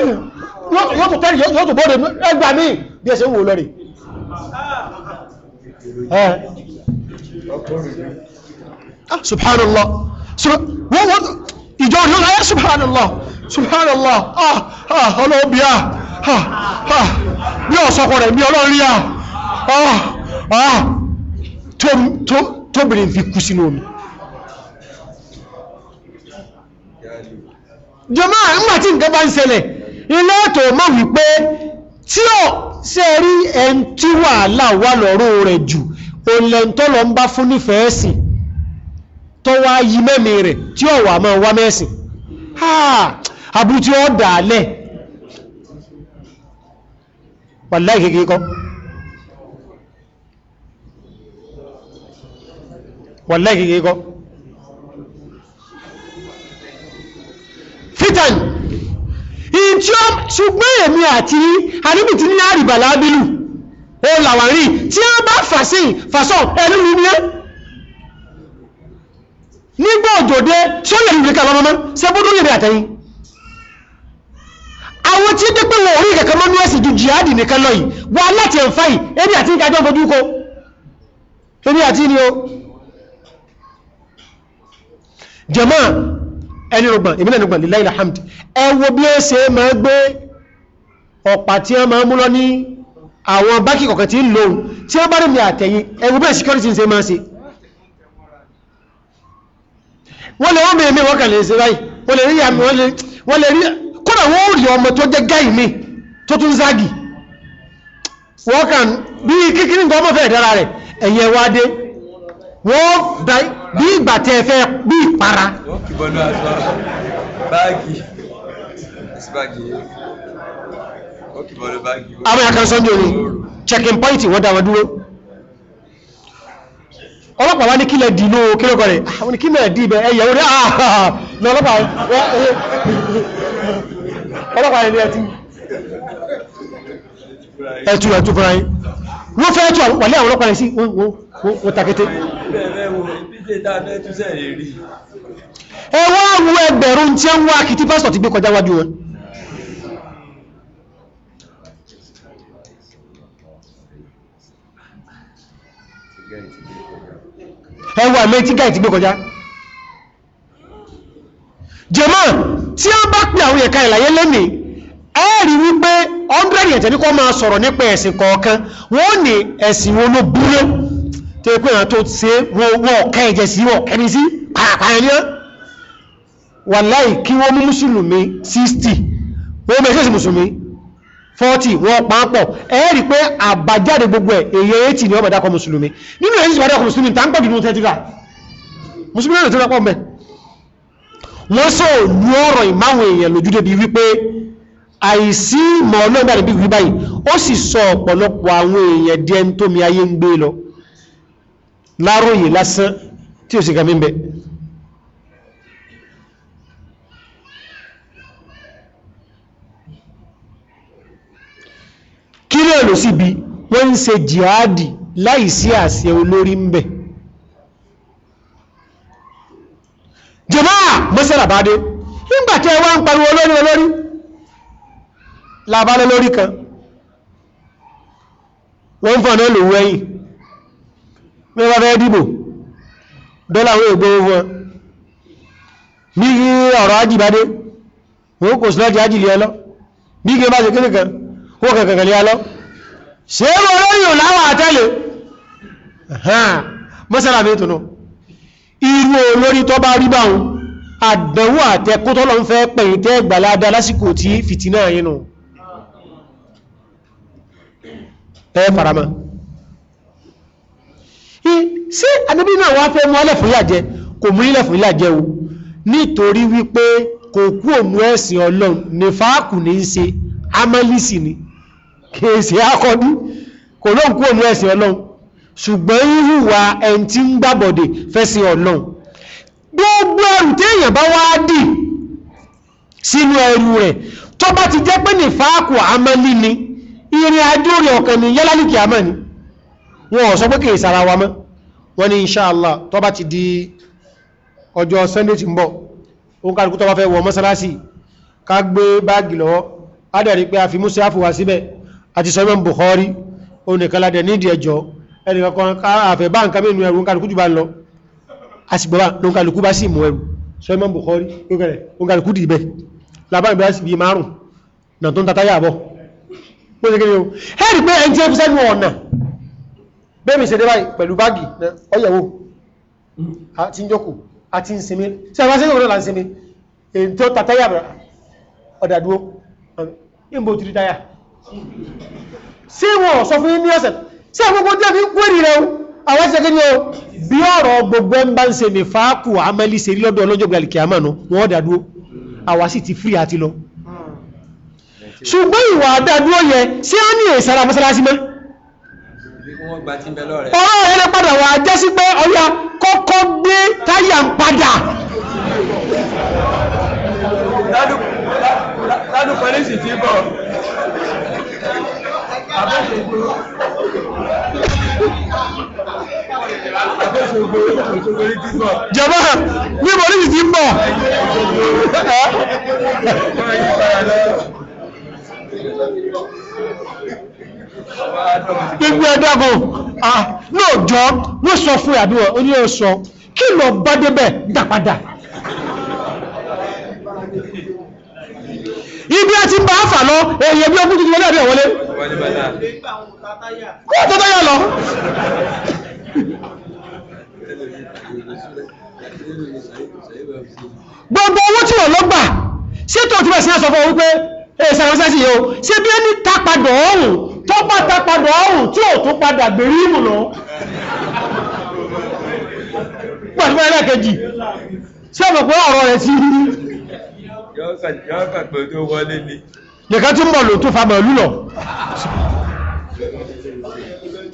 [SPEAKER 1] yóò tó tẹ́rì yóò tó bọ́ọ̀dẹ̀ ẹgbà mi bí ẹsẹ̀ ń wò lọ́rẹ̀ ah, subhanallah ìjọ orí ọ̀rẹ́ subhanallah subhanallah ah, ah, ọlọ́ọ̀bíà bí ọ̀sọ́kọ̀ rẹ̀ bí ọlọ́ríà tóbìnrin fi kú sínú omi jọmọ́ àmà tí nǹkan bá ń ṣẹlẹ̀ ilé ètò mọ̀ wípé tí ó ṣe rí ẹn tí wàhálà wà lọ́rọ̀ rẹ̀ jù olẹ́ntọ́ lọ ń bá fún nífẹ̀ẹ́ sìn tó wá yí mẹ́mí rẹ̀ tí ó wà mọ́ wá mẹ́sìn àbútí ó dàálẹ̀ wàlá ìkékeré fitan ìtí ó ṣùgbọ́n èmi àti àníbì tí ní àrìbà lábílù ó làwárí tí ó bá fàṣí fàṣọ ẹnu mi ní nígbà òjòdé tí ó lè rí kẹkẹ lọ́mọ́mọ́ sí ẹbúdó lè rí àtẹ́yìn àwọn tí ó dé pé wọn orí kẹkẹ mọ́ ní ẹ̀sì ju jihadi nìkan lọ yìí wà láti ẹ̀fà yìí èmi àti ìdájọ́ fojú ko èmi àti ni o jẹ̀mọ́ ẹni rògbọ̀n èmi náà rògbọ̀n lílá hamd ẹ wo bí ẹ ṣe máa gbé ọ̀pá tí wọ́n máa mú lọ ní àwọn báńkì kọ̀ọ̀kan tí ń lò ó tí wọ́n bá rí mi àtẹ̀yìn ẹ wo bẹ́ẹ̀ security ń ṣe máa ṣe wọ́n lè wọ́n bèèrè mi wọ́n kàn lè ṣe báyìí wọ́n lè rí àmì wọ́n lè rí kódà wọ́n rí ọmọ tó jẹ́ gáì mi tó tún zági wọ́n kàn bí kíkiri nǹkan ọmọ fẹ́ẹ̀ bí ìgbà tẹ fẹ́ bí ìpara. wọ́n kì bọ́nú aṣọ báàgì báàgì wọ́n kì bọ́nú báàgì. àwọn yàrá kan sọ́njú omi checking point wọ́n dá wọn dúró ọlọ́pàá wá ní kílẹ̀ dì ah, ní o kílẹ̀ kọ̀rẹ̀ àwọn kílẹ̀ dì ibẹ̀ ẹ̀yẹ̀ orí àhàhà lọ́lọ́pàá ẹ̀tù ẹ̀tù fúnra yìí wọ́n fẹ́ tó wà lé àwọn ọlọ́pàá rẹ̀ sí wọ́n takété ẹwọ́ àwọn ẹgbẹ̀rún tí ó ń wá kìtí pásítọ̀ ti gbé kọjá wájú wọn ẹwọ́ àmì tí gáì ti gbé kọjá jẹ́mọ́ tí ó bá pè àwọn ẹ̀ka ìlàyé lónìí ẹ̀rí wípé ọ́ndrẹ́dì ẹ̀tẹ̀ ní kọ́ máa sọ̀rọ̀ nípa ẹ̀sìn kọ̀ọ̀kan wọ́n ní ẹ̀sìn wọn ló búrẹ́ tó pé àwọn tó ṣe wọ́n ọ̀kẹ́ ẹ̀jẹ̀ sí ọ̀kẹ́ni sí pàápàá wàláì kí wọ́n mú mùsùlùmí 60 wọ́n mẹ́sẹ̀ sí mùsùlùmí 40 wọ́n pàápọ̀ ẹ̀rí pé àbájáde gbogbo ẹ̀ èyẹ 80 ni wọ́n bàdákọ mùsùlùmí nínú sọ òlú ọ̀rọ̀ ìmáwọn èèyàn lójúdé bí wípé àìsí ìmọ̀ ọlọ́dà níbi ìwé báyìí ó sì sọ ọ̀pọ̀lọpọ̀ àwọn èèyàn díẹ̀ tó mi ayé ń gbé lọ láròyè lásán tí ó sì kàmí bẹ̀ kí lè lò síbi wọ́n ń ṣe jihadi láìsí àṣẹ olórí ń bẹ̀ jọba mọ́sára bá dé nígbàtẹ́ wọ́n ń pariwo olórí olórí labalẹ́ lórí kan wọ́n ń fọ̀nà lòwú ẹ̀yìn wọ́n bá fẹ́ dìbò dọ́là wọ́n ègbò wọn bí i ọ̀rọ̀ ajìbádé wọ́n kò sílọ́jì ajìlẹ̀ ẹlọ́ bí i bá ṣe kéré kan wọ́n kẹ̀kẹ̀kẹ̀lẹ̀ ẹlọ́ ṣe é mọ̀ lóyìn láwọn àtẹ́lẹ̀ mọ́sára mi tùnú irú olórí tó bá rí ẹ farama ṣé ànábì náà wá fẹ́ mú ọlẹ̀ fún ìyàjẹ kò mú ilẹ̀ fún ìyàjẹ o nítorí wípé kò kú ònú ẹ̀sìn ọlọ́run ní fàákù ní í ṣe amálísì ni kèèsì akọdú kò lóun kú ònú ẹ̀sìn ọlọ́run ṣùgbọ́n ìhùwà ẹni tí ń gbàbọ̀dè fẹ́sìn ọlọ́run gbogbo ẹrù téèyàn bá wá dì sínú ẹrù rẹ̀ tó bá ti jẹ́ pé ní fàákù amálí ni ìrìn àjò rẹ̀ ọ̀kan ní yálà ní kìámà ni wọn ò sọ pé kìí sára wa mọ́ wọn ni inṣáàlá tó bá ti di ọjọ́ sunday ti ń bọ̀ òun kàrùkú tó bá fẹ́ wọ mọ́sálásì ká gbé báàgì lọ́wọ́ adẹ̀rí pé a fi múṣẹ́ àfòwà síbẹ̀ àti sọ Bukhari onìkanládẹ̀ nídìí ẹjọ́ ẹnìkankan àfẹ́ bá nǹkan mẹ́nu ẹrù kàrùkú jù bá ń lọ àsìgbọ́bá ló ń kàrùkú bá Bukhari ó kàrùkú dì bẹ́ẹ̀ làbá ìbí márùn-ún nà tó pẹ́sẹ̀kẹ́lẹ́ o ẹ́rì pé ẹni tí ó fi sẹ́nu ọ̀nà bẹ́ẹ̀mì ṣe dé báyìí pẹ̀lú báàgì ọyẹ̀wò àti ìjọkù àti ìsinmi sí àwọn sẹ́yìn ọ̀nà ìsinmi èyí tó tàtàyà ọ̀dàdúó ìbò tìrí táyà sí wọn sọ fún ní ọ̀sẹ̀ sí àgbogbo jẹ́ fi kúrì rẹ̀ àwọn sẹ́kẹ́lẹ́ o bí ọ̀rọ̀ gbogbo ẹ̀ ń bá ń ṣe mi fàákù amẹ́lí ṣe rí lọ́dọ̀ ọlọ́jọ́ gbàlìkì àmànà wọn ọ̀dàdúó àwa sì ti fírí àti lọ ṣùgbọ́n ìwà àdádúró yẹ sí á ní ìsára mọ́sálásí mọ́ ọ̀rọ̀ ẹ̀rẹ́ padà wà jẹ́ sí pé ọya kọ́kọ́ gbé táyà ń padà ládùn pẹ̀lẹ́sì tí bọ̀ jọba ní pọ̀lẹ́sì tí bọ̀ gbogbo ẹ̀dàgùn ah, lóòjọ́ wọ́n sọ fún àbíwọ̀ oní ọ̀sọ kí lọ bá débẹ̀ dàpadà ibi àti bá fà lọ èyẹ bí ogún tuntun wọlé àbí ọ̀wọ́lé kó tó táyà lọ gbogbo owó tí wọ́n lọ gbà ṣé tó ti bẹ̀ sí ẹ̀ sọ fún ọ wípé ẹ̀sàránṣẹ́ sí yóò ṣe bí ó ní tapadà ọ̀hún tó bá tapadà ọ̀hún tí ò tó padà gbèrí ìmù lọ
[SPEAKER 2] pàtíwá ẹlẹ́kẹjì
[SPEAKER 1] ṣe mọ̀ pé ọ̀rọ̀ rẹ̀ sí rí nìkan tí ń bọ̀ ló tó fa màálù lọ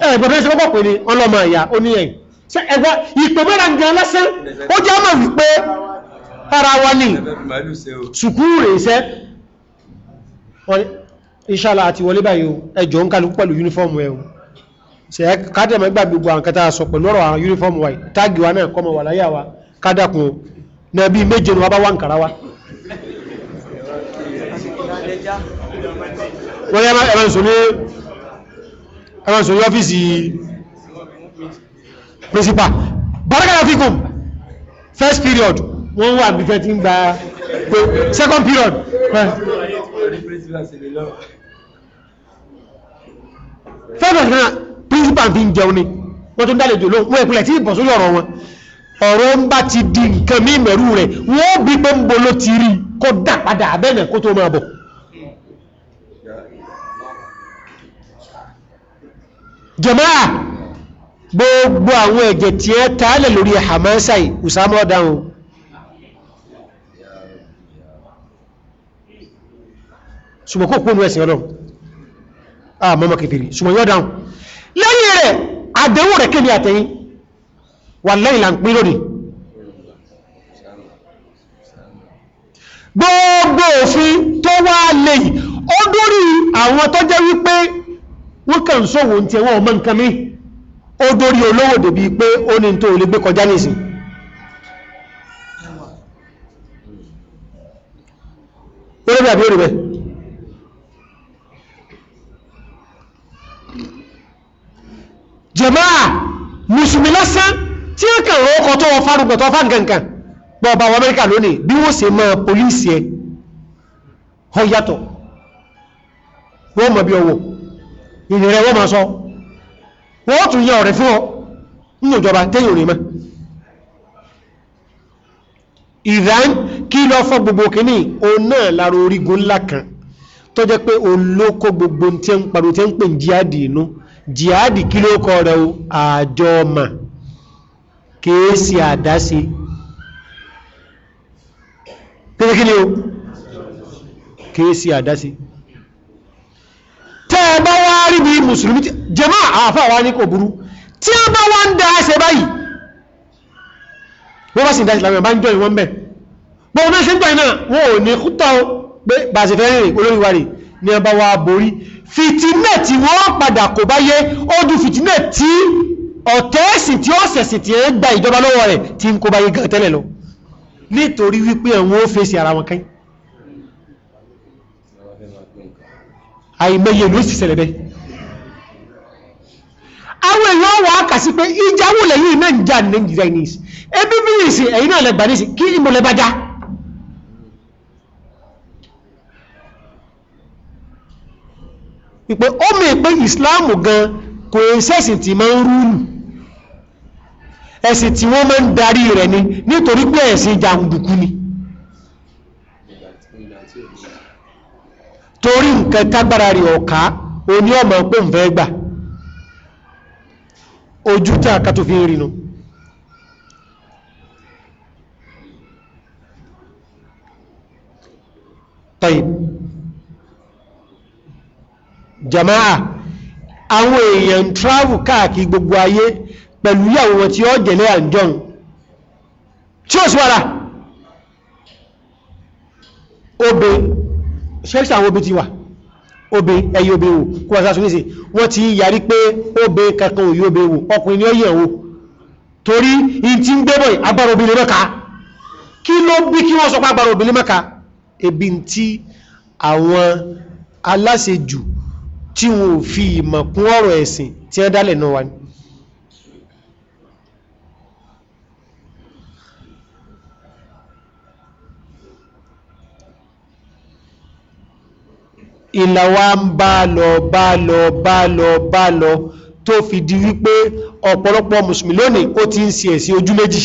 [SPEAKER 1] ẹ̀gbọ̀dọ̀ ṣe kọ́kọ́ pè ní ọlọ́mọ ìyá ó ní ẹ̀yìn ṣe ẹ̀gbọ́ ìpè mẹ́ra nǹkan lẹ́sẹ̀ ó jẹ́ ọmọ wípé ara wa ni sùkúrù rẹ̀ iṣẹ́ inshallah àti wọlé báyìí ẹjọ́ ń kálukú pẹ̀lú yúnífọ́ọ̀mù ẹ̀ ṣe ẹ kádẹ̀mọ́ gbà gbogbo àwọn kẹta sọ pẹ̀lú ọ̀rọ̀ àwọn yúnífọ́ọ̀mù wa táàgì wa náà kọ́mọ wà láyà wa kádàkùn o náà bíi méje ni wọ́n bá wà ń kàrá wa. wọ́n yẹ ẹ̀rọ ìsòní ẹ̀rọ ìsòní ọ́fíìsì principal barakala fikum first period wọ́n wà bí fẹ́ ti second period. fẹ́ẹ̀fẹ̀ kan principal fi ń jẹun ni wọ́n tó ń dálejò ló wọ́n ìpìlẹ̀ tí ìbọ̀ sórí ọ̀rọ̀ wọn ọ̀rọ̀ ń bá ti di nǹkan mí mẹ̀rú rẹ̀ wọ́n bí pé ń bolo ti rí kó dà padà abẹ́nà kó tó máa bọ̀. gbogbo àwọn ẹ̀jẹ̀ tí ẹ taálẹ̀ lórí Hamasa Usama ọ̀daràn ṣùgbọ́n kó kónú ẹ̀sìn ọlọ́run a mọ́mọ́ kèfèrí ṣùgbọ́n yọ́ dáhùn lẹ́yìn rẹ̀ àdéhùn rẹ̀ kéde àtẹ̀yìn wà lẹ́yìn là ń pín lónìí gbogbo òfin tó wá lẹ́yìn ó dórí àwọn tó jẹ́ wípé wọ́n kàn sówò tí ẹwọ́n ọmọ nǹkan mi ó dórí olówó dèbí pé ó ní tó lè gbé kọjá nìsín olóbi àbí orí bẹ́ẹ̀ jẹmáà mùsùlùmí lásán tí ó kàn ọkọ̀ tó wọ fárúgbọ̀ tó fà nǹkankan bọ́ ọba àwọn amẹ́ríkà lónìí bí wọ́n ṣe máa políìsì ẹ ọ yàtọ̀ wọ́n mọ̀ bí ọwọ́ ìrìn rẹ̀ wọ́n máa sọ wọ́n tún yẹ ọ̀rẹ́ fún ọ nínú ìjọba tẹ́yìn òní mọ́ ìdán kí lọ fọ́ gbogbo kìíní òun náà lára orígun ńlá kan tó jẹ́ pé òun jihadi kí ló kọ rẹ̀ o àjọ ọmọ kèésì àdáṣe kí kí ni o kèésì àdáṣe tẹ́ ẹ bá wá rí bí mùsùlùmí jẹ́mọ́ àáfàá ní kò burú tí a bá wá ń da ẹsẹ̀ báyìí wọ́n bá sì ń da ìsìlámi àbá ń jọ ìwọ́n mẹ́ gbọ́n mẹ́sẹ̀ ń jọ ìná wọn ò ní kútà pé bàṣẹ̀fẹ́ rìn olóríwárì ni a bá wá borí fìtínẹ̀ tí wọ́n padà kò bá yé ó dún fìtínẹ̀ tí ọ̀tẹ́ẹ̀sì tí ó sẹ̀sì tí ó gba ìjọba lọ́wọ́ rẹ̀ tí ń kó bá yé gan tẹ́lẹ̀ lọ nítorí wípé àwọn ó fèsì ara wọn kẹ́ àìmọye ló sì ṣẹlẹ̀ bẹ́ẹ̀ àwọn èèyàn wà á kà sí pé ìjáwó lẹ́yìn náà ń jà nàìjíríà ní ìsìn bí ìsìn ẹ̀yìn náà lẹ́gbàá ní ìsìn kí ìmọ̀lẹ́bàjá wípé ó mẹ́ pé ìsìláàmù gan kò ẹ̀sẹ̀sìn tí máa ń rúlù ẹ̀sìn tí wọ́n máa ń darí rẹ̀ ni nítorí pé ẹ̀sìn jàǹdùkú ni torí nǹkan tágbára rẹ̀ ọ̀ká oní ọmọ pé ń fẹ́ gbà ojú tí a kàtò fi ń rinu tọ́yìn jama'a àwọn èèyàn travel káàkiri gbogbo ayé pẹ̀lú yàwó wọn tí ó jẹ̀lẹ́ àjọun tí ó síwára obe ṣẹ́ṣẹ́ àwọn obi ti wà obe ẹyẹ obe wò kó wà sáṣú níṣe wọ́n ti yàrí pé obe kankan òyí obe wò ọkùnrin ni ó yẹ̀ wò torí in ti ń gbébọ̀ agbára obìnrin mẹ́ka kí ló bí kí wọ́n sọ pé agbára obìnrin mẹ́ka ebi ti àwọn aláṣejù tí wọn fi ìmọ̀ kún ọ̀rọ̀ ẹ̀sìn tí wọ́n dálẹ̀ náà wá ní. ìlà wa ń bá lọ bá lọ bá lọ bá lọ tó fi di wípé ọ̀pọ̀lọpọ̀ mùsùlùmí lónìí ó ti ń ṣe ẹ̀sìn ojú méjì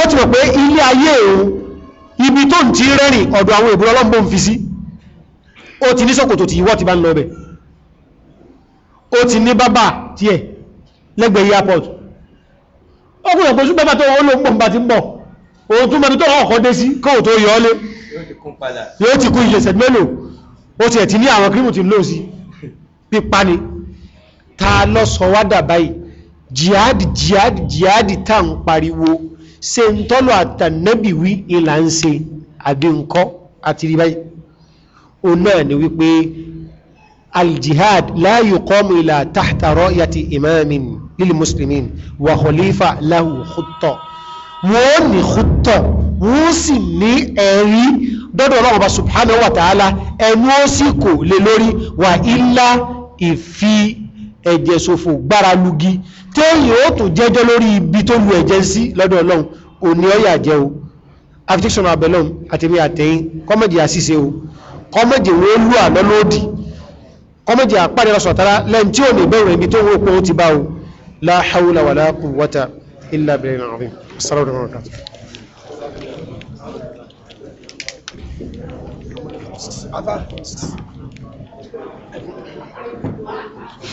[SPEAKER 1] ó ti mọ̀ pé ilé ayé òun ibi tó ń ti rẹ́rìn ọ̀dọ̀ àwọn ìbúrọ́lọ́gbọ̀n fi sí ó ti ní ṣòkòtò tí ìwọ́ ti bá ń lọ bẹ̀ ó ti ní bábà tí ẹ̀ lẹ́gbẹ̀ẹ́ airport ọkùnrin ọ̀pọ̀ sí bábà tó wọ́n ló ń bọ̀ bá ti ń bọ̀ òun tún mọ́ni tó ọkọ̀ dé sí kóò tó yọ ọ́lé yóò ti kú ilé mélòó ó ti ẹ̀ ti ní àwọn kírìmù ti lò sí pípa ni ta lọ sọ wádà báyìí jihadi jihadi jihadi tá à ń pariwo ṣe ń tọ́lọ̀ àtànẹ́bìwí ìlà ń àdínkọ́ àti rí báyìí òun náà ni wípé aljihad la yuqamu ila tahta ra'yati imamin lil muslimin wa khalifa lahu khutta wọ́n ní khutta wọ́n sì ní ẹ̀rí dọ́dọ̀ ọlọ́run ọba subhanahu wa ta'ala ẹnu ó sì kò lè lórí wà ilá ìfi ẹ̀jẹ̀ ṣòfò gbára lugi téèyàn ó tún jẹ́jọ́ lórí ibi tó lu ẹ̀jẹ̀ sí lọ́dọ̀ ọlọ́run òní ọ̀yà jẹ́ o affection abelon àtẹ̀mí àtẹ̀yìn kọ́mẹ̀dì àṣìṣe o kọ́mọ̀jẹ̀ wọ́n lù àná lódì kọ́mọ̀jẹ̀ àpàdé ọ̀sọ̀tara lẹ́n tí ò ní bẹ̀rẹ̀ ibi tó wọ́n pọ̀ ti bá o la hawla wala quwwata illa billahi al-azim assalamu alaikum